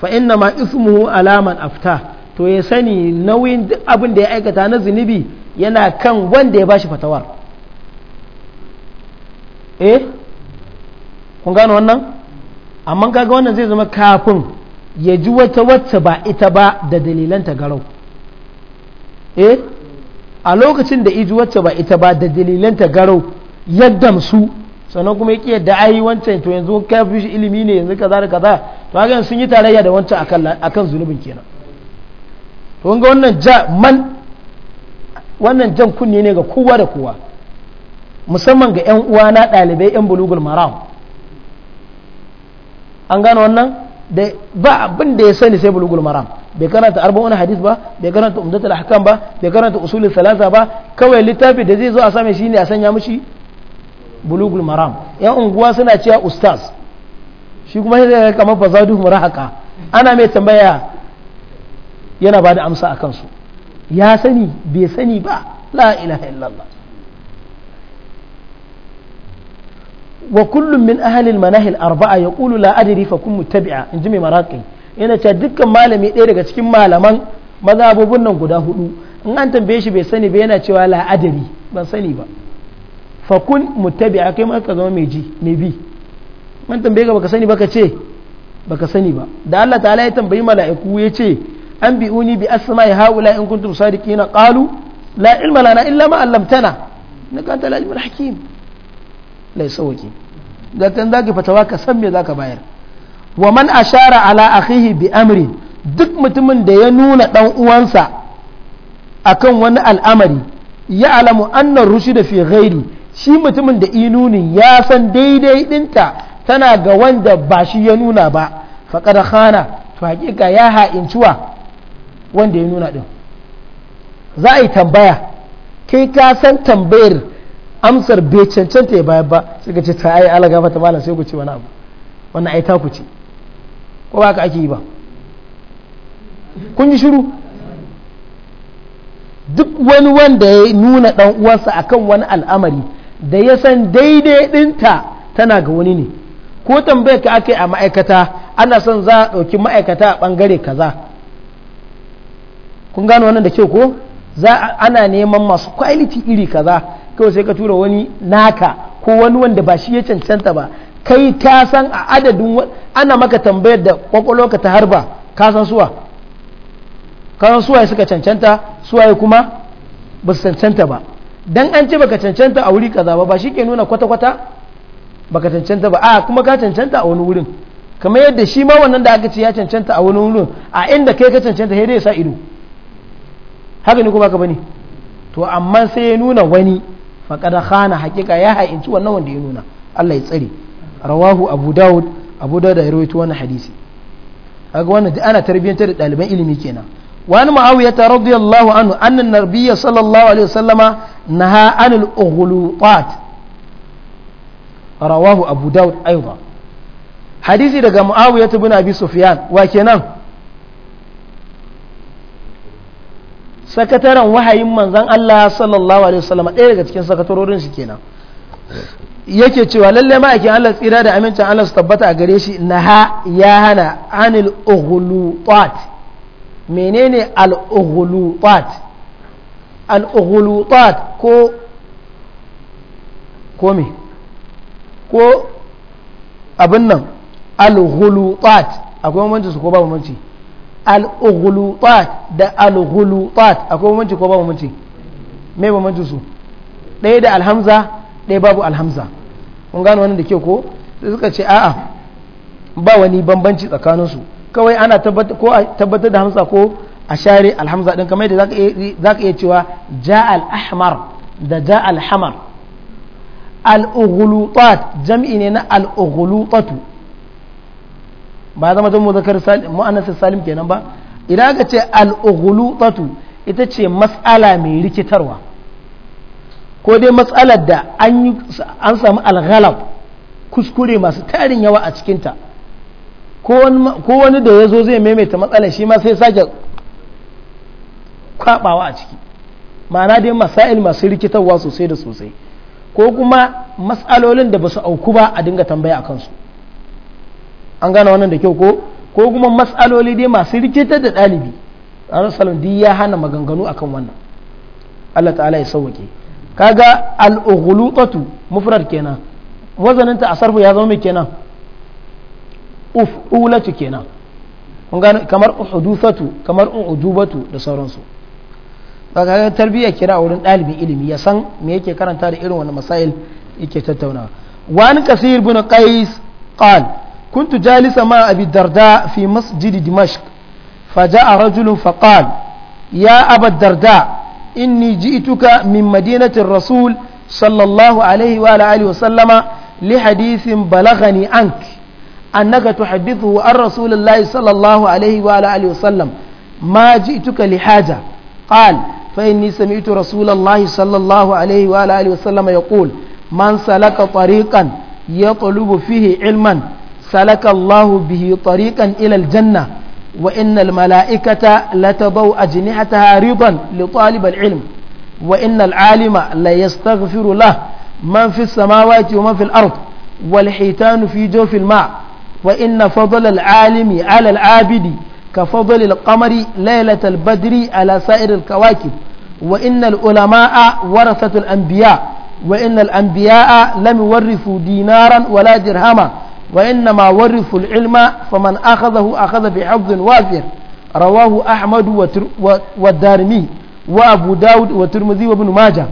fa inna ma ismuhu alaman afta to ya sani nauyin duk abin da ya aikata na zunubi yana kan wanda ya bashi fatawar eh kun gano wannan amma kaga wannan zai zama kafin ya ji wata wacce ba ita ba da dalilanta garau eh a lokacin da iji wacce ba ita ba da dalilanta garau ya damsu sannan kuma yake yadda ai wancan to yanzu ka fi shi ilimi ne yanzu kaza da kaza to haka sun yi tarayya da wancan akan akan zulubin kenan to kun ga wannan ja man wannan jan kunne ne ga kowa da kowa musamman ga 'yan uwa na ɗalibai 'yan bulugul maram an gano wannan da ba abin da ya sani sai bulugul maram bai karanta arba'un hadis ba bai karanta umdatul hakam ba bai karanta usulul salasa ba kawai littafi da zai zo a same shi ne a sanya mishi bulugul maram yan unguwa suna cewa ustaz shi kuma sai ya kamar fasadu murahaka ana mai tambaya yana ba da amsa a kansu ya sani bai sani ba la ilaha illallah wa kullum min ahalil manahil arba'a ya ƙulu la adiri fa kun mutabi'a in ji mai maraƙi yana cewa dukkan malami ɗaya daga cikin malaman mazhabobin nan guda hudu in an tambaye shi bai sani ba yana cewa la adiri ban sani ba fa kun mutabi'a kai ma ka zama mai ji mai bi man ce baka sani ba da Allah ta'ala ya tambayi mala'iku ya ce an bi'uni bi asma'i haula in kuntum sadiqina qalu la illa ma 'allamtana innaka lai sauki zatan zaki fatawa ka san me za ka bayar wa man ashara ala akhihi bi amrin duk mutumin da ya nuna dan uwansa akan wani al'amari ya alamu annar da fi ghairi shi mutumin da inuni ya san daidai dinta tana ga wanda ba shi ya nuna ba faqad khana to hakika ya ha'incuwa wanda ya nuna din za a yi tambaya kai ka san tambayar amsar bai cancanta ya bayar ba sai ka ce ta ai ala gafa ta malam sai ku ce wani abu wannan ai ta ku ce ko ba ka ake yi ba kun ji shiru duk wani wanda ya nuna dan uwansa akan wani al'amari da ya san daidai dinta tana ga wani ne ko tambayar ka aka yi a ma'aikata ana son za a ɗauki ma'aikata a ɓangare kaza kun gano wannan da kyau ko za ana neman masu kwaliti iri kaza kawai sai ka tura wani naka ko wani wanda ba shi ya cancanta ba kai ka san a adadin ana maka tambayar da kwakwalwaka ta harba ka san suwa ka san suwaye suka cancanta suwaye kuma ba su cancanta ba dan an ce baka cancanta a wuri kaza ba ba shi ke nuna kwata-kwata baka cancanta ba a kuma ka cancanta a wani wurin kamar yadda shi ma wannan da aka ce ya cancanta a wani wurin a inda kai ka cancanta sai dai ya sa ido haka ne kuma ka bane to amma sai ya nuna wani faƙada khana hakika ya ha'in ci wannan wanda ya nuna Allah ya tsari rawahu abu daud abu daud da rawaitu wani hadisi kaga wannan ana tarbiyyantar da ɗaliban ilimi kenan wa an muawiya radiyallahu anhu anna nabiyya sallallahu alaihi wasallama naha anil ughlutat rawahu abu daud aidan hadisi daga muawiya ibn abi sufyan wa kenan sakataren wahayin manzan Allah sallallahu alaihi wasallam ɗaya daga cikin sakatarorin shi kenan yake cewa lalle ma'aikin Allah tsira da amincin Allah su tabbata a gare shi na ha ya hana anil tat menene al tat al tat ko ko me ko abin nan al tat akwai mamanci su ko babu mamanci al da al-ghulutat akwai bambanci ko babu bambanci me bambanci su ɗaya da alhamza ɗaya babu alhamza kun gano wannan da ke ko sai suka ce a'a ba wani bambanci tsakanin su kawai ana tabbatar da hamza ko a share alhamza din kamar yadda ka iya cewa ja al'ahmar da ja al-hamar jam'i ne na al ba zama zan muzakar mu'annas salim kenan ba idan aka ce al ita ce mas'ala mai rikitarwa ko dai matsalar da an samu al'ghalab kuskure masu tarin yawa a cikinta ko wani da ya zo zai maimaita matsalar shi ma sai sake kwabawa a ciki ma'ana dai masail masu rikitarwa sosai da sosai ko kuma matsalolin da ba su auku ba a dinga tambaya a kansu an gane wannan da kyau ko ko kuma matsaloli dai masu rikitar da ɗalibi salon duk ya hana maganganu akan wannan Allah ta'ala ya sauke kaga al-ughluqatu mufrad kenan ta a sarfu ya zama mai kenan uf'ulatu kenan kun gane kamar uhudusatu kamar uhudubatu da sauransu kaga tarbiyya kira wurin ɗalibin ilimi ya san me yake karanta da irin wannan masail yake tattaunawa wani kasir bin qais qala كنت جالسا مع أبي الدرداء في مسجد دمشق فجاء رجل فقال يا أبا الدرداء إني جئتك من مدينة الرسول صلى الله عليه وعلى آله وسلم لحديث بلغني عنك أنك تحدثه عن رسول الله صلى الله عليه وعلى آله وسلم ما جئتك لحاجة قال فإني سمعت رسول الله صلى الله عليه وعلى آله وسلم يقول من سلك طريقا يطلب فيه علما سلك الله به طريقا إلى الجنة وإن الملائكة لتضوا أجنحتها رضا لطالب العلم وإن العالم ليستغفر له من في السماوات ومن في الأرض والحيتان في جوف الماء وإن فضل العالم على العابد كفضل القمر ليلة البدر على سائر الكواكب وإن العلماء ورثة الأنبياء وإن الأنبياء لم يورثوا دينارا ولا درهما وإنما ورثوا العلم فمن أخذه أخذ بحفظ وافر رواه أحمد والدارمي وأبو داود والترمذي وابن ماجه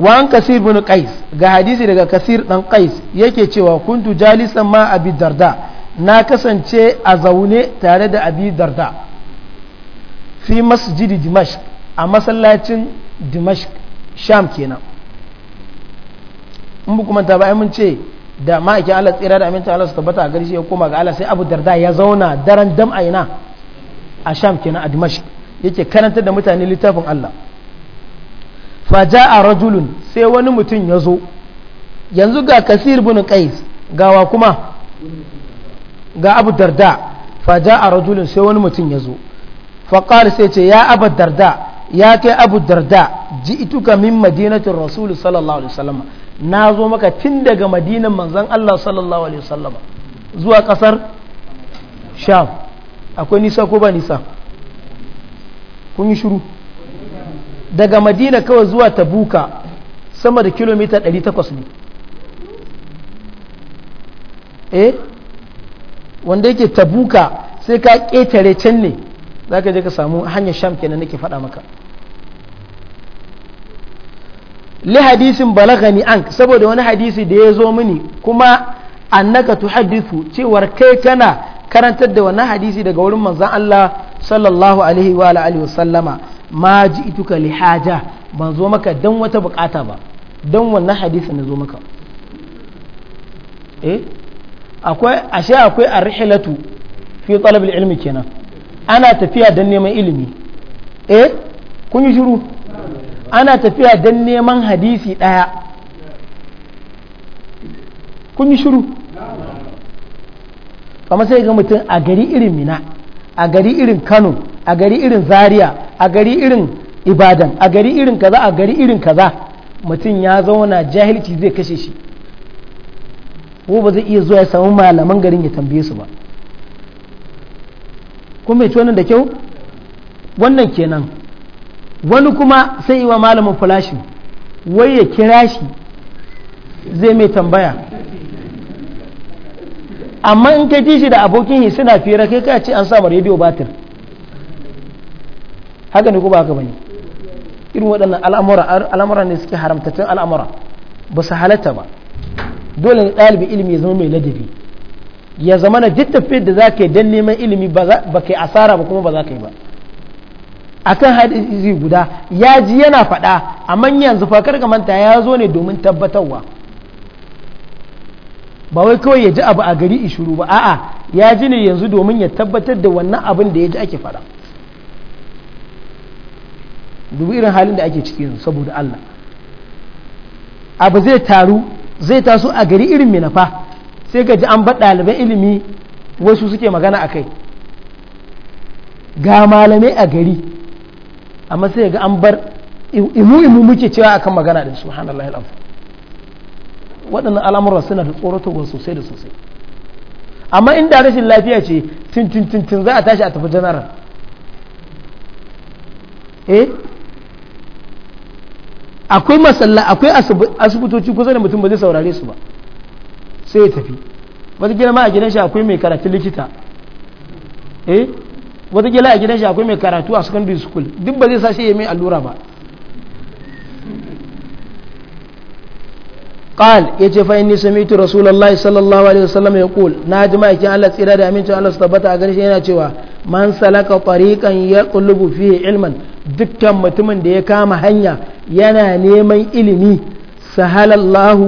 وعن كثير بن قيس ga hadisi daga kasir dan kais yake cewa kuntu jalisan ma abi darda na kasance a zaune tare da abi darda fi masjidi dimashq a masallacin dimashq sham kenan in ba kuma ta mun ce da ma'aikin Allah tsira da amincin Allah su tabbata a garshe ya koma ga Allah sai Abu Darda ya zauna daren dam a ina a Sham kenan a Dimashq yake karantar da mutane littafin Allah fa ja'a rajulun sai wani mutum ya zo yanzu ga Kasir bin Qais gawa kuma ga Abu Darda fa ja'a rajulun sai wani mutum ya zo fa qala sai ce ya Abu Darda ya kai Abu Darda ji ituka min madinatin Rasul sallallahu alaihi wasallam na zo maka tun daga madinan manzan Allah sallallahu alaihi wasallam zuwa kasar sham akwai nisa ko ba nisa kun yi shuru daga madina kawai zuwa tabuka sama da kilomita 800 ne eh wanda yake tabuka sai ka ƙetare can ne za ka je ka samu hanyar sham kenan nake faɗa maka li hadisin balagani an saboda wani hadisi da ya zo mini kuma annaka tuhaddithu cewar kai kana karantar da wannan hadisi daga wurin manzon Allah sallallahu alaihi wa alihi wasallama ma ji'tuka li haja ban zo maka dan wata bukata ba dan wannan hadisi na zo maka eh akwai ashe akwai arhilatu fi talab ilmi kenan ana tafiya dan neman ilimi eh kun yi shiru ana tafiya don neman hadisi ɗaya kun yi shiru kama sai ga mutum a gari irin mina a gari irin kano a gari irin zaria a gari irin ibadan a gari irin kaza a gari irin kaza mutum ya zauna jahilci zai kashe shi ko ba zai iya zuwa ya samu malaman garin ya tambaye su ba kuma ya ci wannan da kyau wannan kenan wani kuma sai wa malamin fulashi wai ya kira shi zai mai tambaya amma in ka ji shi da abokin yi suna fira kai ka ce an samu rediyo batir haka ne ko ba ka bane irin waɗannan al'amura al'amura ne suke haramtattun al'amura ba su halatta ba dole ne ɗalibi ilimi ya zama mai ladabi ya zama na duk da za ka yi don neman ilimi ba ka asara ba kuma ba za ka yi ba akan hadisi guda ya ji yana faɗa amma yanzu fa karka manta ya zo ne domin tabbatarwa ba wai kawai ya ji abu a gari ishuru ba a'a ya ji ne yanzu domin ya tabbatar da wannan abin da ya ji ake faɗa dubi irin halin da ake ciki yanzu saboda Allah abu zai taru zai taso a gari irin minafa sai ga ji an ba ɗaliban ilimi wasu suke magana a kai ga malamai a gari amma sai ga an bar imu imu muke cewa akan magana din subhanallahi alazim waɗannan al'amuran suna da tsorotarwa sosai da sosai amma in da rashin lafiya ce tin za a tashi a tafi janaral eh akwai masalla akwai asibitoci kusa da mutum ba zai saurare su ba sai ya tafi wata ma a gidan shi akwai mai karatun likita eh wata gila a gidan shi akwai mai karatu a secondary school duk ba zai sashe ya mai allura ba قال يجي فاني سميت رسول الله صلى الله عليه وسلم يقول ناجم da كان الله تيرا دامن تو الله ثبت ا غنشي yana cewa man salaka tariqan yaqlubu fihi ilman dukkan mutumin da ya kama hanya yana neman ilimi sahala Allah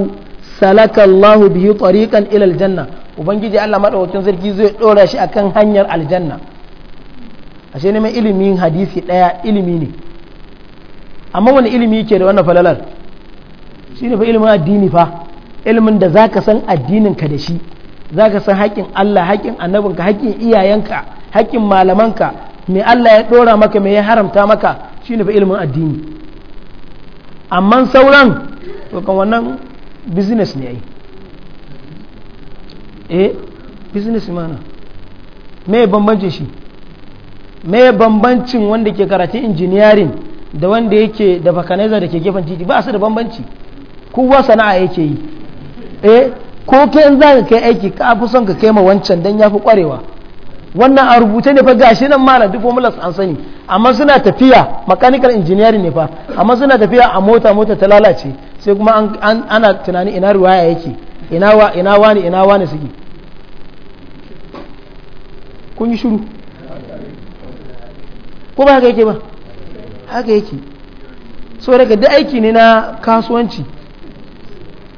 salaka Allah bihi tariqan ila aljanna ubangiji Allah madaukakin sarki zai dora shi akan hanyar aljanna ashe neman ilimin hadisi ɗaya ilimi ne amma wani ilimi ke da wannan falalar shi ne fa ilimin addini fa ilimin da zaka san addinin ka da shi zaka san haƙƙin Allah haƙƙin annabinka haƙƙin iyayenka haƙƙin malamanka me Allah ya ɗora maka me ya haramta maka shi ne fa ilimin addini amma sauran to kan wannan business ne ai eh business mana me bambance shi me bambancin wanda ke karatu injiniyarin da wanda yake da bakanaiza da ke gefen titi ba su da bambanci kowa sana'a yake yi eh ko ke in kai aiki ka fi son ka kai ma wancan dan ya fi kwarewa wannan a rubuce ne fa gashi nan mara duk formulas an sani amma suna tafiya mechanical engineering ne fa amma suna tafiya a mota mota ta lalace sai kuma ana tunani ina ruwaya yake ina wani ina wani suke kun yi shiru ko ba haka yake ba haka yake so daga duk aiki ne na kasuwanci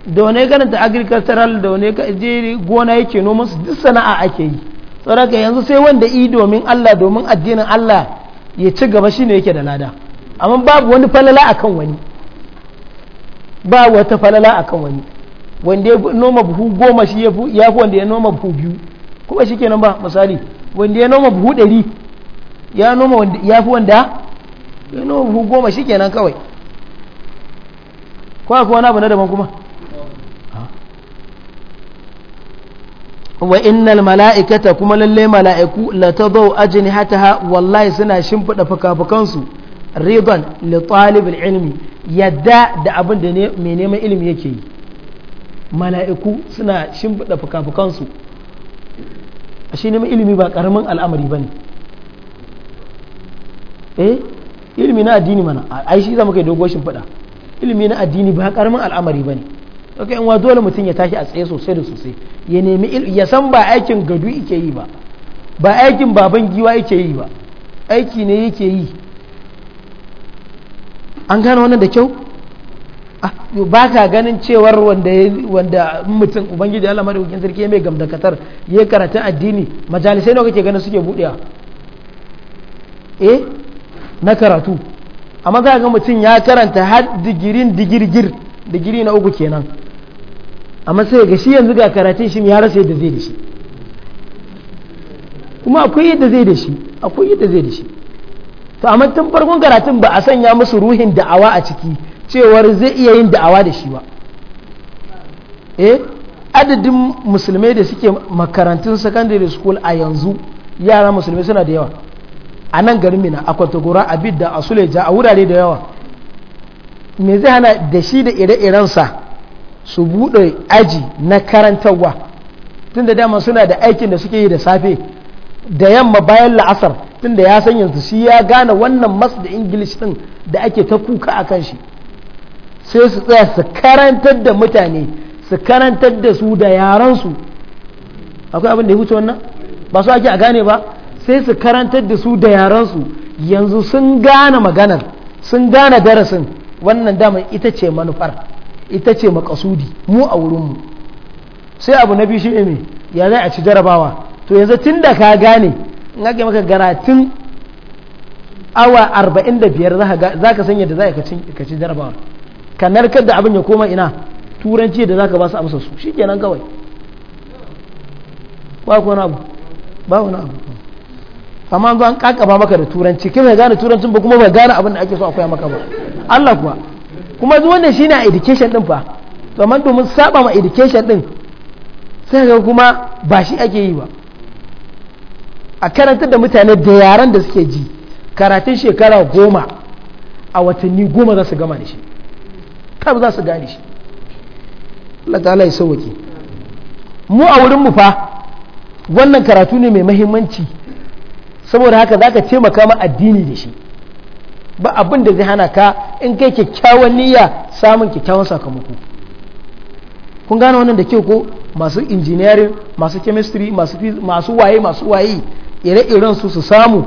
da wani karanta agricultural da wani je gona yake noman su duk sana'a ake yi daga yanzu sai wanda yi domin Allah domin addinin Allah ya ci gaba shi ne yake da lada amma babu wani falala a kan wani ba wata falala a kan wani wanda ya noma buhu goma shi ya fi wanda ya noma buhu biyu kuma shi kenan ba misali wanda ya noma buhu ɗari ya noma ya fi wanda ya noma buhu goma shi kenan kawai ko akwai wani abu na daban kuma wa innal mala'ikata kuma lalle mala'iku la tadau ajnihataha wallahi suna shimfida fukansu ridan li talibul ilmi yadda da abin da mai neman ilimi yake yi mala'iku suna shimfida fukansu a shi neman ilimi ba karamin al'amari bane eh ilimi na addini mana ai shi za mu kai dogon shimfiɗa ilimi na addini ba karamin al'amari ba ne okay in wa dole mutum ya tashi a tsaye sosai da sosai ya nemi ya san ba aikin gadu yake yi ba ba aikin baban giwa yake yi ba aiki ne yake yi an gane wannan da kyau ah, ba ka ganin cewar wanda mutum ubangiji Allah madaukakin sarki mai gamdakatar ya karatu addini majalisai ne kake ganin suke buɗewa eh na karatu amma za ga mutum ya karanta har digirin digirgir digiri na uku kenan amma sai ga shi yanzu ga karatun shi ya rasa yadda zai da shi kuma akwai yadda zai da shi akwai yadda zai da shi to amma tun farkon karatun ba a sanya musu ruhin da'awa a ciki cewar zai iya yin da'awa da shi ba eh adadin musulmai da suke makarantun secondary school a yanzu yara musulmai suna da yawa a nan garin mina a kwantagora a bidda a suleja a wurare da yawa me zai hana da shi da ire-irensa su buɗe aji na karantarwa tun da dama suna da aikin da suke yi da safe da yamma bayan la'asar tun da ya san yanzu shi ya gane wannan mas da ingilish din da ake ta kuka a kan shi sai su tsaya su karantar da mutane su karantar da su da yaransu akwai abin da ya wuce wannan ba su ake a gane ba sai su karantar da su da yaransu yanzu sun gane maganar sun gane darasin wannan dama ita ce manufar ita ce makasudi mu a wurinmu sai abu na biyu ne ya zai a ci jarabawa to yanzu tun da ka gane in ake maka garatun awa arba'in da biyar za ka sanya da za ka ci jarabawa ka narkar da abin ya koma ina turanci da za ka ba su amsa su shi kenan kawai ba ku wani abu ba wani abu amma zo an kakaba maka da turanci kai bai gane turancin ba kuma bai gane abin da ake so akwai maka ba Allah kuwa kuma zuwan da shine a education din fa to amma domin saba ma education din sai ga kuma ba shi ake yi ba a karantar da mutane da yaran da suke ji karatun shekara goma a watanni goma za su gama da shi kaf za su gane shi Allah ta'ala ya sauwaki mu a wurin mu fa wannan karatu ne mai muhimmanci. saboda haka za ka taimaka ma addini da shi ba abin da zai hana ka in kai kyakkyawan niyya samun kyakkyawan sakamako kun gane wannan da kyau ko masu injiniyarin masu chemistry masu waye masu waye ire-iren su su samu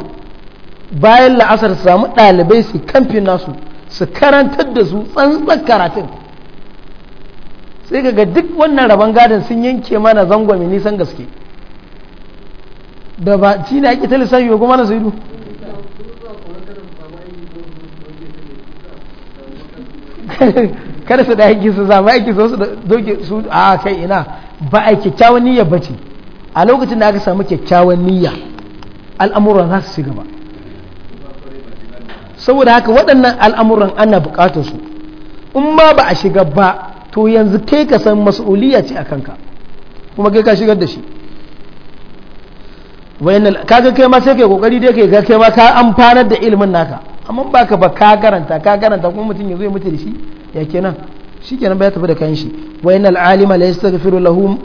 bayan la'asar su samu ɗalibai su kamfin nasu su karantar da su tsantsan karatun sai ga duk wannan rabon gadon sun yanke mana zangon nisan gaske da ba shi ne ake ta lissafi ba kuma na saidu kada su da aiki su za aiki su su doke su a kai ina ba a kyakkyawan niyya ba ce a lokacin da aka samu kyakkyawan niyya al'amuran za su ci gaba saboda haka waɗannan al'amuran ana buƙatar su in ma ba a shiga ba to yanzu kai ka san mas'uliyya ce a kanka kuma kai ka shigar da shi kaga kai ma sai kai kokari dai kai ga kai ma ka amfanar da ilimin naka amma ba ka ba ka karanta ka karanta kuma mutum ya zo ya mutu da shi ya kenan shikenan bai tafi da kan shi wayannan alima la yastaghfiru lahu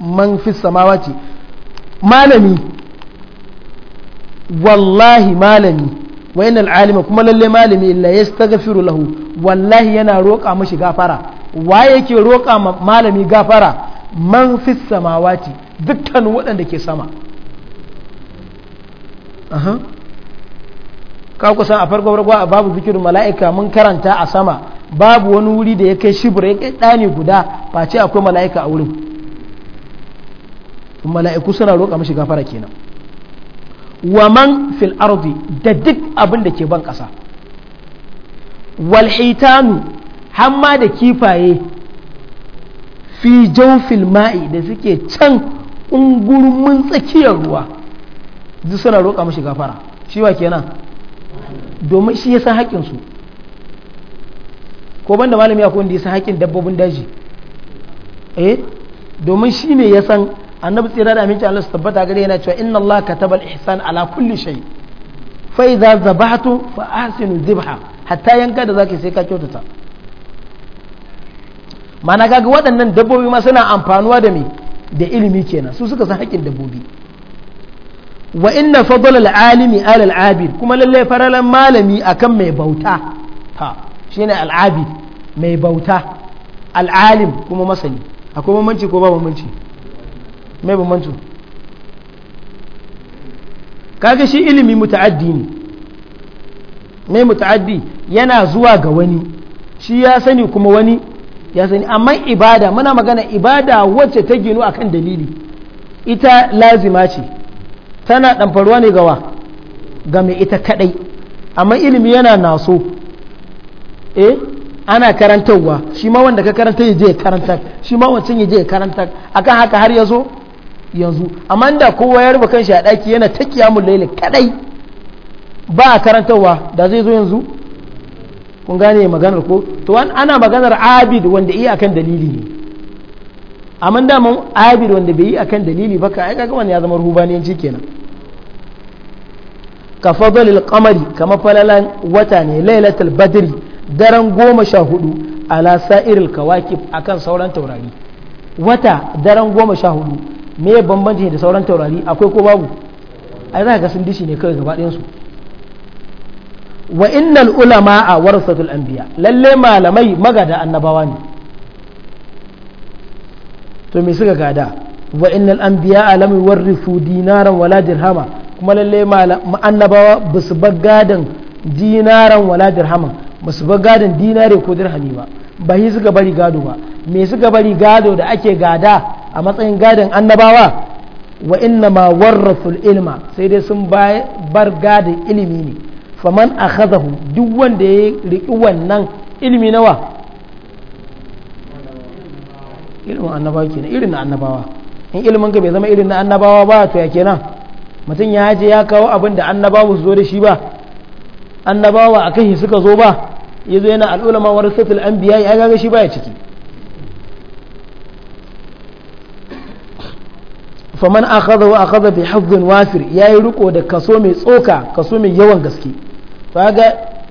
man fi samawati malami wallahi malami wayannan alima kuma lalle malami la yastaghfiru lahu wallahi yana roƙa mashi gafara waye yake roƙa malami gafara man fi samawati dukkan waɗanda ke sama ka kusan a farko farko babu fikirin mala'ika mun karanta a sama babu wani wuri da ya kai shibira ya kai ɗani guda face akwai mala'ika a wurin mala'iku suna roƙa mashi gafara kenan waman man fil ardi da duk abin da ke ban ƙasa wal hamma da kifaye fi jawfil ma'i da suke can ungurumin tsakiyar ruwa duk suna roƙa mashi gafara shi wa kenan domin shi ya san haƙƙin su ko ban da malami ya wanda ya san haƙƙin dabbobin daji eh domin shi ne ya san annabi tsira da aminci Allah su tabbata gare yana cewa inna Allah katabal ihsan ala kulli shay fa idza zabahtu fa ahsinu dhibha hatta yanka da zaki sai ka kyautata mana kaga waɗannan dabbobi ma suna amfanuwa da me da ilimi kenan su suka san haƙƙin dabbobi wa inna fadl al-alimi ala al-abid kuma lalle faralan malami akan mai bauta ha shine al-abid mai bauta al-alim kuma masani akwai bambanci ko ba bambanci mai bambanci kaga shi ilimi muta'addi ne mai muta'addi yana zuwa ga wani shi ya sani kuma wani ya sani amma ibada muna magana ibada wacce ta ginu akan dalili ita lazima ce tana ɗanfarwa ne gawa ga mai ita kaɗai amma ilimi yana naso eh ana karantarwa shi ma wanda ka karanta ya je karanta shi ma wancan ya je karanta akan haka har ya zo yanzu amma da kowa ya rubuta kanshi a ɗaki yana ta kiyamun laili kaɗai ba a karantarwa da zai zo yanzu kun gane maganar ko to ana maganar abid wanda iya kan dalili ne amma daman abir wanda bai yi akan dalili ba ka ai kaga wannan ya zama rubaniyanci kenan ka al qamari kama falalan wata ne lailatul badri daren goma sha hudu ala kawakib akan sauran taurari wata daren goma sha hudu me bambanci da sauran taurari akwai ko babu ai za ka sun dishi ne kai gaba ɗayan su wa innal ulama a warasatul anbiya lalle malamai magada annabawa ne to me suka gada wa innal anbiya lam yuwarrifu dinaran wala dirhama kuma lalle annabawa ba su bar gadan dinaran wala dirhama ba su bar gadan dinare ko dirhami ba ba yi suka bari gado ba me suka bari gado da ake gada a matsayin gadin annabawa wa inna ma warrasul ilma sai dai sun bar gadan ilimi ne faman akhadahu duk wanda ya riƙi wannan ilimi nawa ilimin annabawa kenan irin na annabawa in ilimin ka bai zama irin na annabawa ba to ya kenan mutum ya je ya kawo abin da annabawa su zo da shi ba annabawa a kai suka zo ba ya zo yana al'ulama an biya ya gaga shi baya ciki faman akhadha wa akhadha bi hazzin wasir yayi riko da kaso mai tsoka kaso mai yawan gaske to ga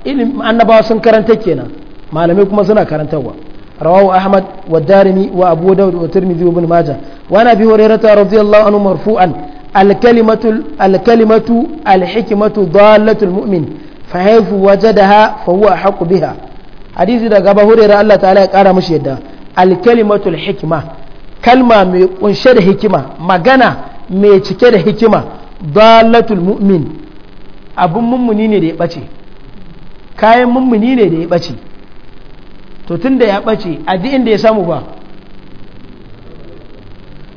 ilimin annabawa sun karanta kenan malamai kuma suna karantarwa رواه أحمد والدارمي وأبو داود والترمذي وابن ماجه وأنا أبي هريرة رضي الله عنه مرفوعا الكلمة الكلمة الحكمة ضالة المؤمن فحيث وجدها فهو أحق بها حديث ده أبو هريرة الله تعالى قال مشيدا الكلمة الحكمة كلمة من حكمة مغانا mai حكمة ضالة المؤمن أبو ممنيني دي mummuni ne da ya ɓace kayan mummuni ne da ya ɓace to tun da ya ɓace a da inda ya samu ba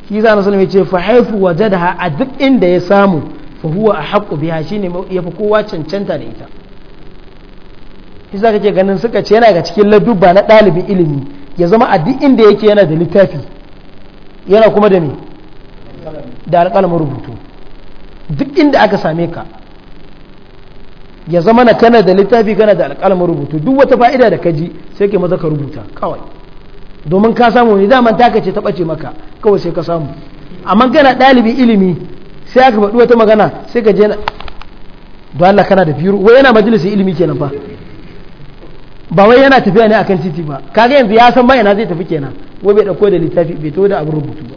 shi za na sulmi ce fa haifu waje da ha a duk inda ya samu fa huwa a haƙƙo biya shi ne ya fi kowa cancanta da ita shi za ka ke ganin suka ce yana ga cikin ladubba na ɗalibin ilimi ya zama a da inda yake yana da littafi yana kuma da me da alƙalamin rubutu duk inda aka same ka ya zama na kana da littafi kana da alƙalamin rubutu duk wata fa'ida da kaji sai ke maza ka rubuta kawai domin ka samu ne daman taka ce ta ɓace maka kawai sai ka samu amma gana ɗalibi ilimi sai aka faɗi wata magana sai ka je na don Allah kana da firu wai yana majalisar ilimi kenan fa ba wai yana tafiya ne akan titi ba kaga yanzu ya san ma ina zai tafi kenan wai bai dauko da littafi bai tafi da abin rubutu ba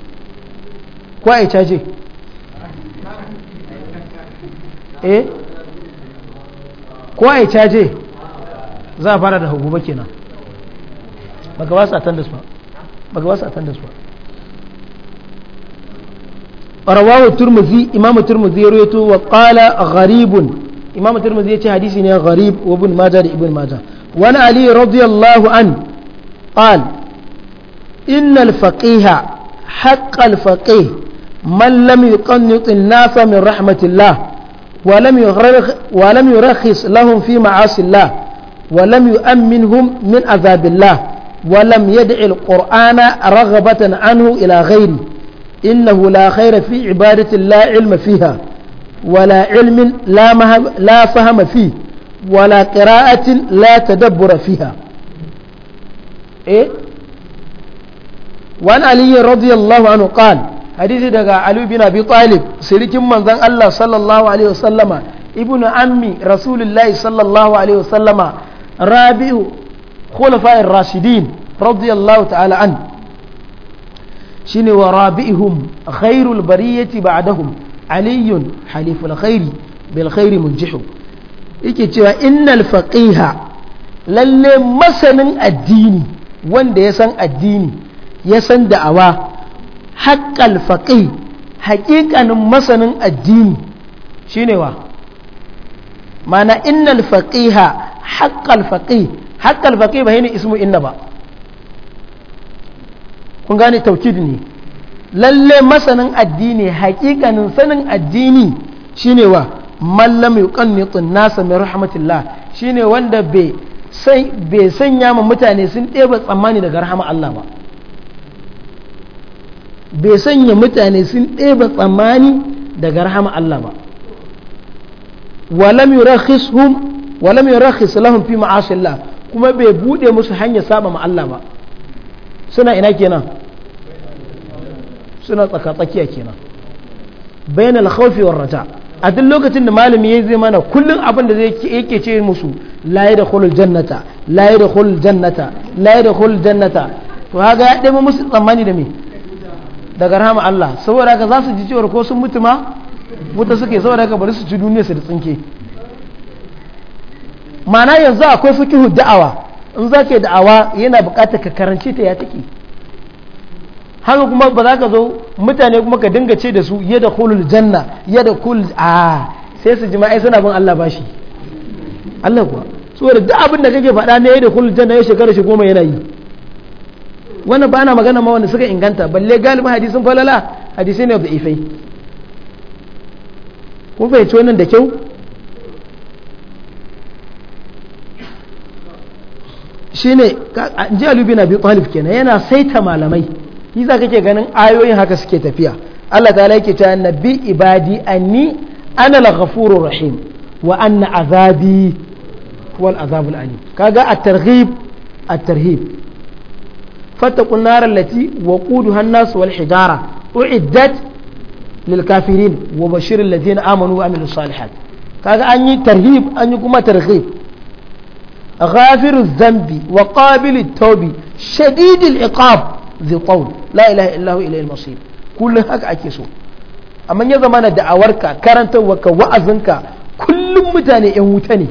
ko ai caje eh ko ya caje za a fara da hagu ba kenan baka ba su attendance ba baka ba su attendance ba rawahu turmuzi imam turmuzi ya rawaito wa qala gharibun imam turmuzi ya ce hadisi ne gharib wa ibn maja da ibn maja. wani ali radiyallahu an qal innal faqiha haqqal faqih man lam yuqannit an-nasa min rahmatillah ولم ولم يرخص لهم في معاصي الله ولم يؤمنهم من عذاب الله ولم يدع القرآن رغبة عنه إلى غيره إنه لا خير في عبادة لا علم فيها ولا علم لا, لا فهم فيه ولا قراءة لا تدبر فيها إيه؟ وعن علي رضي الله عنه قال hadisi daga Ali bin Abi Talib sirikin manzon Allah sallallahu alaihi wasallama ibnu ammi rasulullahi sallallahu alaihi wasallama rabi'u khulafa'ir rashidin radiyallahu ta'ala an shine wa rabi'uhum khairul bariyati ba'dahum aliyun haliful khairi bil khairi munjihu yake cewa innal faqiha lalle masanin addini wanda ya san addini ya san da'awa haƙƙal faƙi haƙiƙanin masanin addini shine wa mana faƙi ha haƙƙal faƙi haƙƙal faƙi ba ne ismu inna ba kun gane taukid ne lalle masanin addini haƙiƙanin sanin addini shine wa mallam yuqannitun nasa min rahmatillah shine wanda bai sanya ma mutane sun ɗeba tsammani daga rahama Allah ba bai sanya mutane sun ɗeba tsammani daga rahama Allah ba walam yurakhishum walam lahum fi Allah kuma bai bude musu hanyar saba ma Allah ba suna ina kenan suna tsakatsakiya tsakiya kenan bayan khawfi wa rata a duk lokacin da malami ya zai mana kullum abin da yake ce musu layi da da jannata layi da da jannata layi da da jannata to haga ya ɗaya musu tsammani da me daga rama Allah saboda haka za su ji cewar ko sun mutu ma wuta suke saboda haka bari su ci duniya su da tsinke mana yanzu akwai fikihu da'awa in za ke da'awa yana bukata ka karanci ta ya take haka kuma ba za ka zo mutane kuma ka dinga ce da su ya da kulul janna ya da kulul a sai su jima'i suna bin Allah bashi Allah kuwa saboda duk abin da kake faɗa ne ya da kulul janna ya shekara shi goma yana yi wannan ba na magana ma wanda suka inganta balle galibin hadisin falala hadisi ne da ifai kun fahimci wannan da kyau shine ji alubi na biyu talib kenan yana saita malamai yi za kake ganin ayoyin haka suke tafiya Allah ta yake ta nabi ibadi anni ana al-ghafurur rahim wa anna azabi wal azabul alim kaga at-targhib at-tarhib فاتقوا النار التي وقودها الناس والحجارة أعدت للكافرين وبشر الذين آمنوا وعملوا الصالحات كذا أني ترهيب أني كما ترهيب غافر الذنب وقابل التوب شديد العقاب ذي طول لا إله إلا هو إليه المصير كل هك أكيسو أما يزمان دعوارك كرنت وك وأزنك كل متاني إهوتاني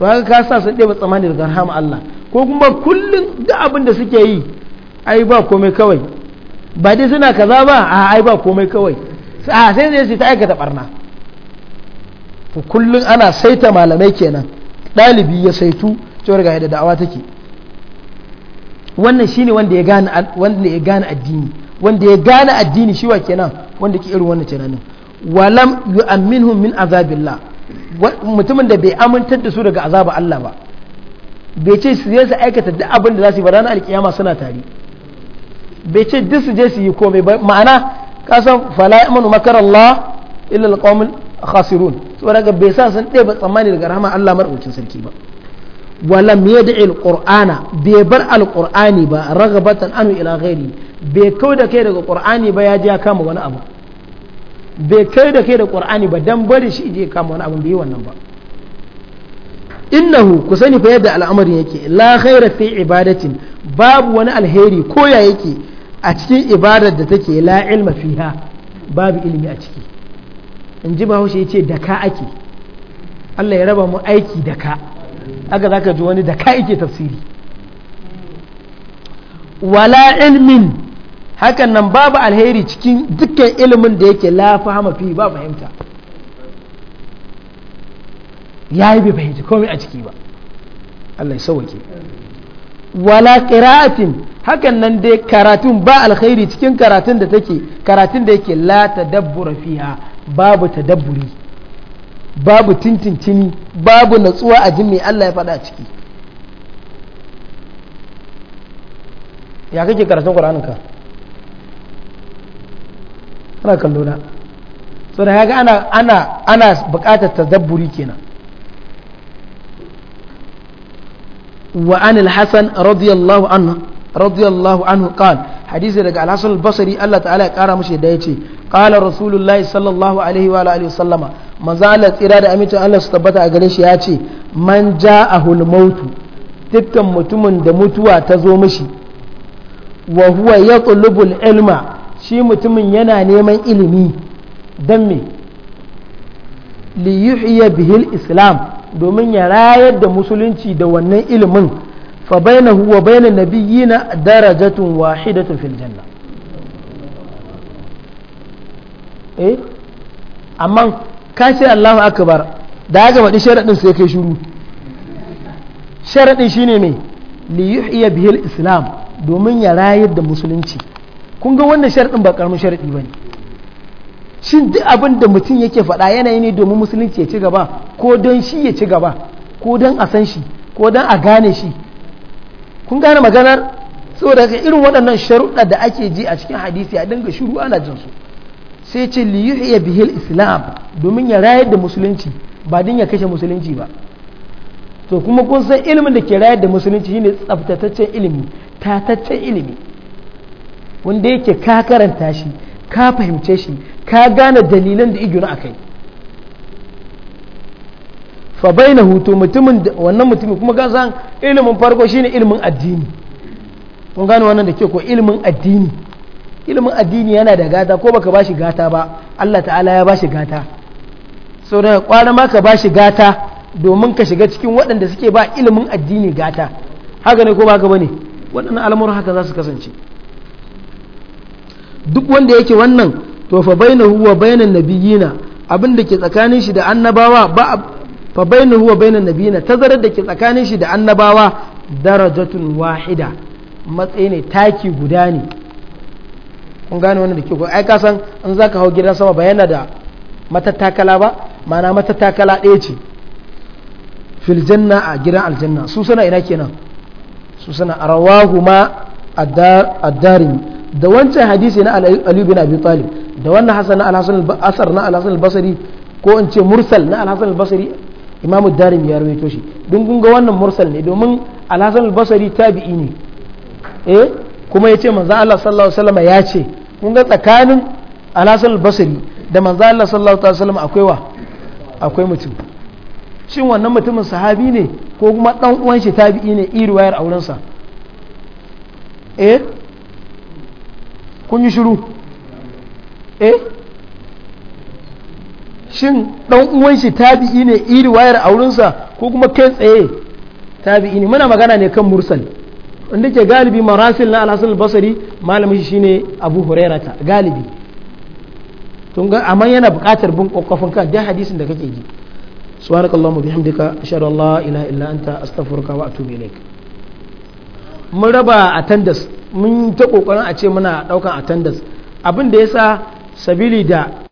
وهذا كاسا سديب الثماني الغرهام الله ko kuma kullum duk abin da suke yi ai ba komai kawai ba dai suna kaza ba a ai ba komai kawai a sai zai su ta aikata barna to kullum ana saita malamai kenan ɗalibi ya saitu cewar ga yadda da'awa take wannan shine wanda ya gane wanda ya gane addini wanda ya gane addini shi wa kenan wanda ke irin wannan tunanin walam yu'minhum min azabillah mutumin da bai amintar da su daga azaba Allah ba bai ce su je su aikata duk abin da za su yi ba ranar alkiyama suna tare bai ce duk su je su yi komai ba ma'ana ka san fala ya'manu makar Allah illa alqawmul khasirun saboda ga bai sa sun ba tsammani daga rahama Allah madaukakin sarki ba wala me da alqur'ana bai bar alqur'ani ba ragabatan anu ila ghairi bai kai da kai daga qur'ani ba ya je ya kama wani abu bai kai da kai da qur'ani ba dan bari shi je kama wani abu bai yi wannan ba innahu ku sani fa yadda al'amarin yake la khaira fi ibadatin babu wani alheri ko ya yake a cikin ibadar da take la ilma fiha babu ilimi a ciki in ji bahaushe ya ce da ka ake Allah ya raba mu aiki da ka aga za ka ji wani da ka ake tafsiri wala ilmin hakan nan babu alheri cikin dukkan ilimin da yake la fahama fi ba fahimta ya yi bai fahimci komai a ciki ba Allah ya sauwake wala qira'atin hakan nan dai karatun ba alkhairi cikin karatun da take karatun da yake la tadabbura fiha babu tadabburi babu tintintini babu natsuwa a jin Allah ya faɗa ciki ya kake karatun Qur'aninka ana kallo na so da ana ana ana buƙatar tadabburi kenan وعن الحسن رضي الله عنه رضي الله عنه قال حديث رجع الحسن البصري الله تعالى قال مشي دايتي قال رسول الله صلى الله عليه وعلى اله وسلم من زال إرادة أمين الله ستبتا أغريش ياتي من جاءه الموت dukkan mutumin da mutuwa ta zo mishi wa huwa ya ilma shi mutumin yana neman ilimi don me li yuhya bihil islam domin ya rayar da musulunci da wannan ilimin fa bainahu wa bainan nabiyina darajatun wahidatun fil janna eh amma ka Allahu akbar da aka faɗi sharaɗin sai kai shiru sharaɗin shine ne li yuhya bihil islam domin ya rayar da musulunci kun ga wannan sharaɗin ba karamin sharaɗi bane shin duk abin da mutum yake faɗa yanayi ne domin musulunci ya ci gaba ko don shi ya ci gaba ko don a san shi ko don a gane shi kun gane maganar saboda ka irin waɗannan sharuɗa da ake ji a cikin hadisi a dinga shuru ana jin sai ce li iya bihil islam domin ya rayar da musulunci ba din ya kashe musulunci ba to kuma kun san ilimin da ke rayar da musulunci shi ne tsaftataccen ilimi tataccen ilimi wanda yake ka karanta shi ka fahimce shi ka gane dalilan da igiyar a kai fa bai na hutu mutumin wannan mutumin kuma ga san ilimin farko shine ilimin addini kun gane wannan da ke ko ilimin addini ilimin addini yana da gata ko baka bashi gata ba Allah ta'ala ya bashi gata sau da kwara ma ka bashi gata domin ka shiga cikin waɗanda suke ba ilimin addini gata haka ne ko ba bane waɗannan al'amuran haka za su kasance duk wanda yake wannan to fa bainahu wa bainan nabiyina abin da ke tsakanin shi da annabawa ba fa bainahu wa bainan nabiyina tazarar da ke tsakanin shi da annabawa darajatun wahida matsayi ne taki guda ne kun gane wannan da ke ko ai san in zaka hau gidan sama ba yana da matattakala ba ma'ana matattakala ɗaya ce fil janna a gidan aljanna su sana ina kenan su sana rawahu ma addarimi da wancan hadisi na Ali bin Abi Talib da wannan hasan na alhassan asar na alhassan basari ko in ce mursal na alhassan basari imamu darimi ya rawaito shi don kun ga wannan mursal ne domin alhassan basari tabi'i ne eh kuma ya ce manzo Allah sallallahu alaihi wasallam ya ce kun ga tsakanin alhassan basari da manzo Allah sallallahu alaihi wasallam akwai wa akwai mutum shin wannan mutumin sahabi ne ko kuma dan uwan shi tabi'i ne i riwayar aurensa eh kun yi shiru eh shin dan uwan shi tabi'i ne iri wayar aurinsa ko kuma kai tsaye tabi'i ne muna magana ne kan mursal wanda ke galibi marasil na alhassan albasari malamin shi shine abu ta galibi tun ga amma yana buƙatar bin kokofin ka da hadisin da kake ji subhanakallahumma bihamdika ashhadu an la ilaha illa anta astaghfiruka wa atubu ilaik mun raba attendance mun ta kokarin a ce muna daukan attendance abin da yasa sabili da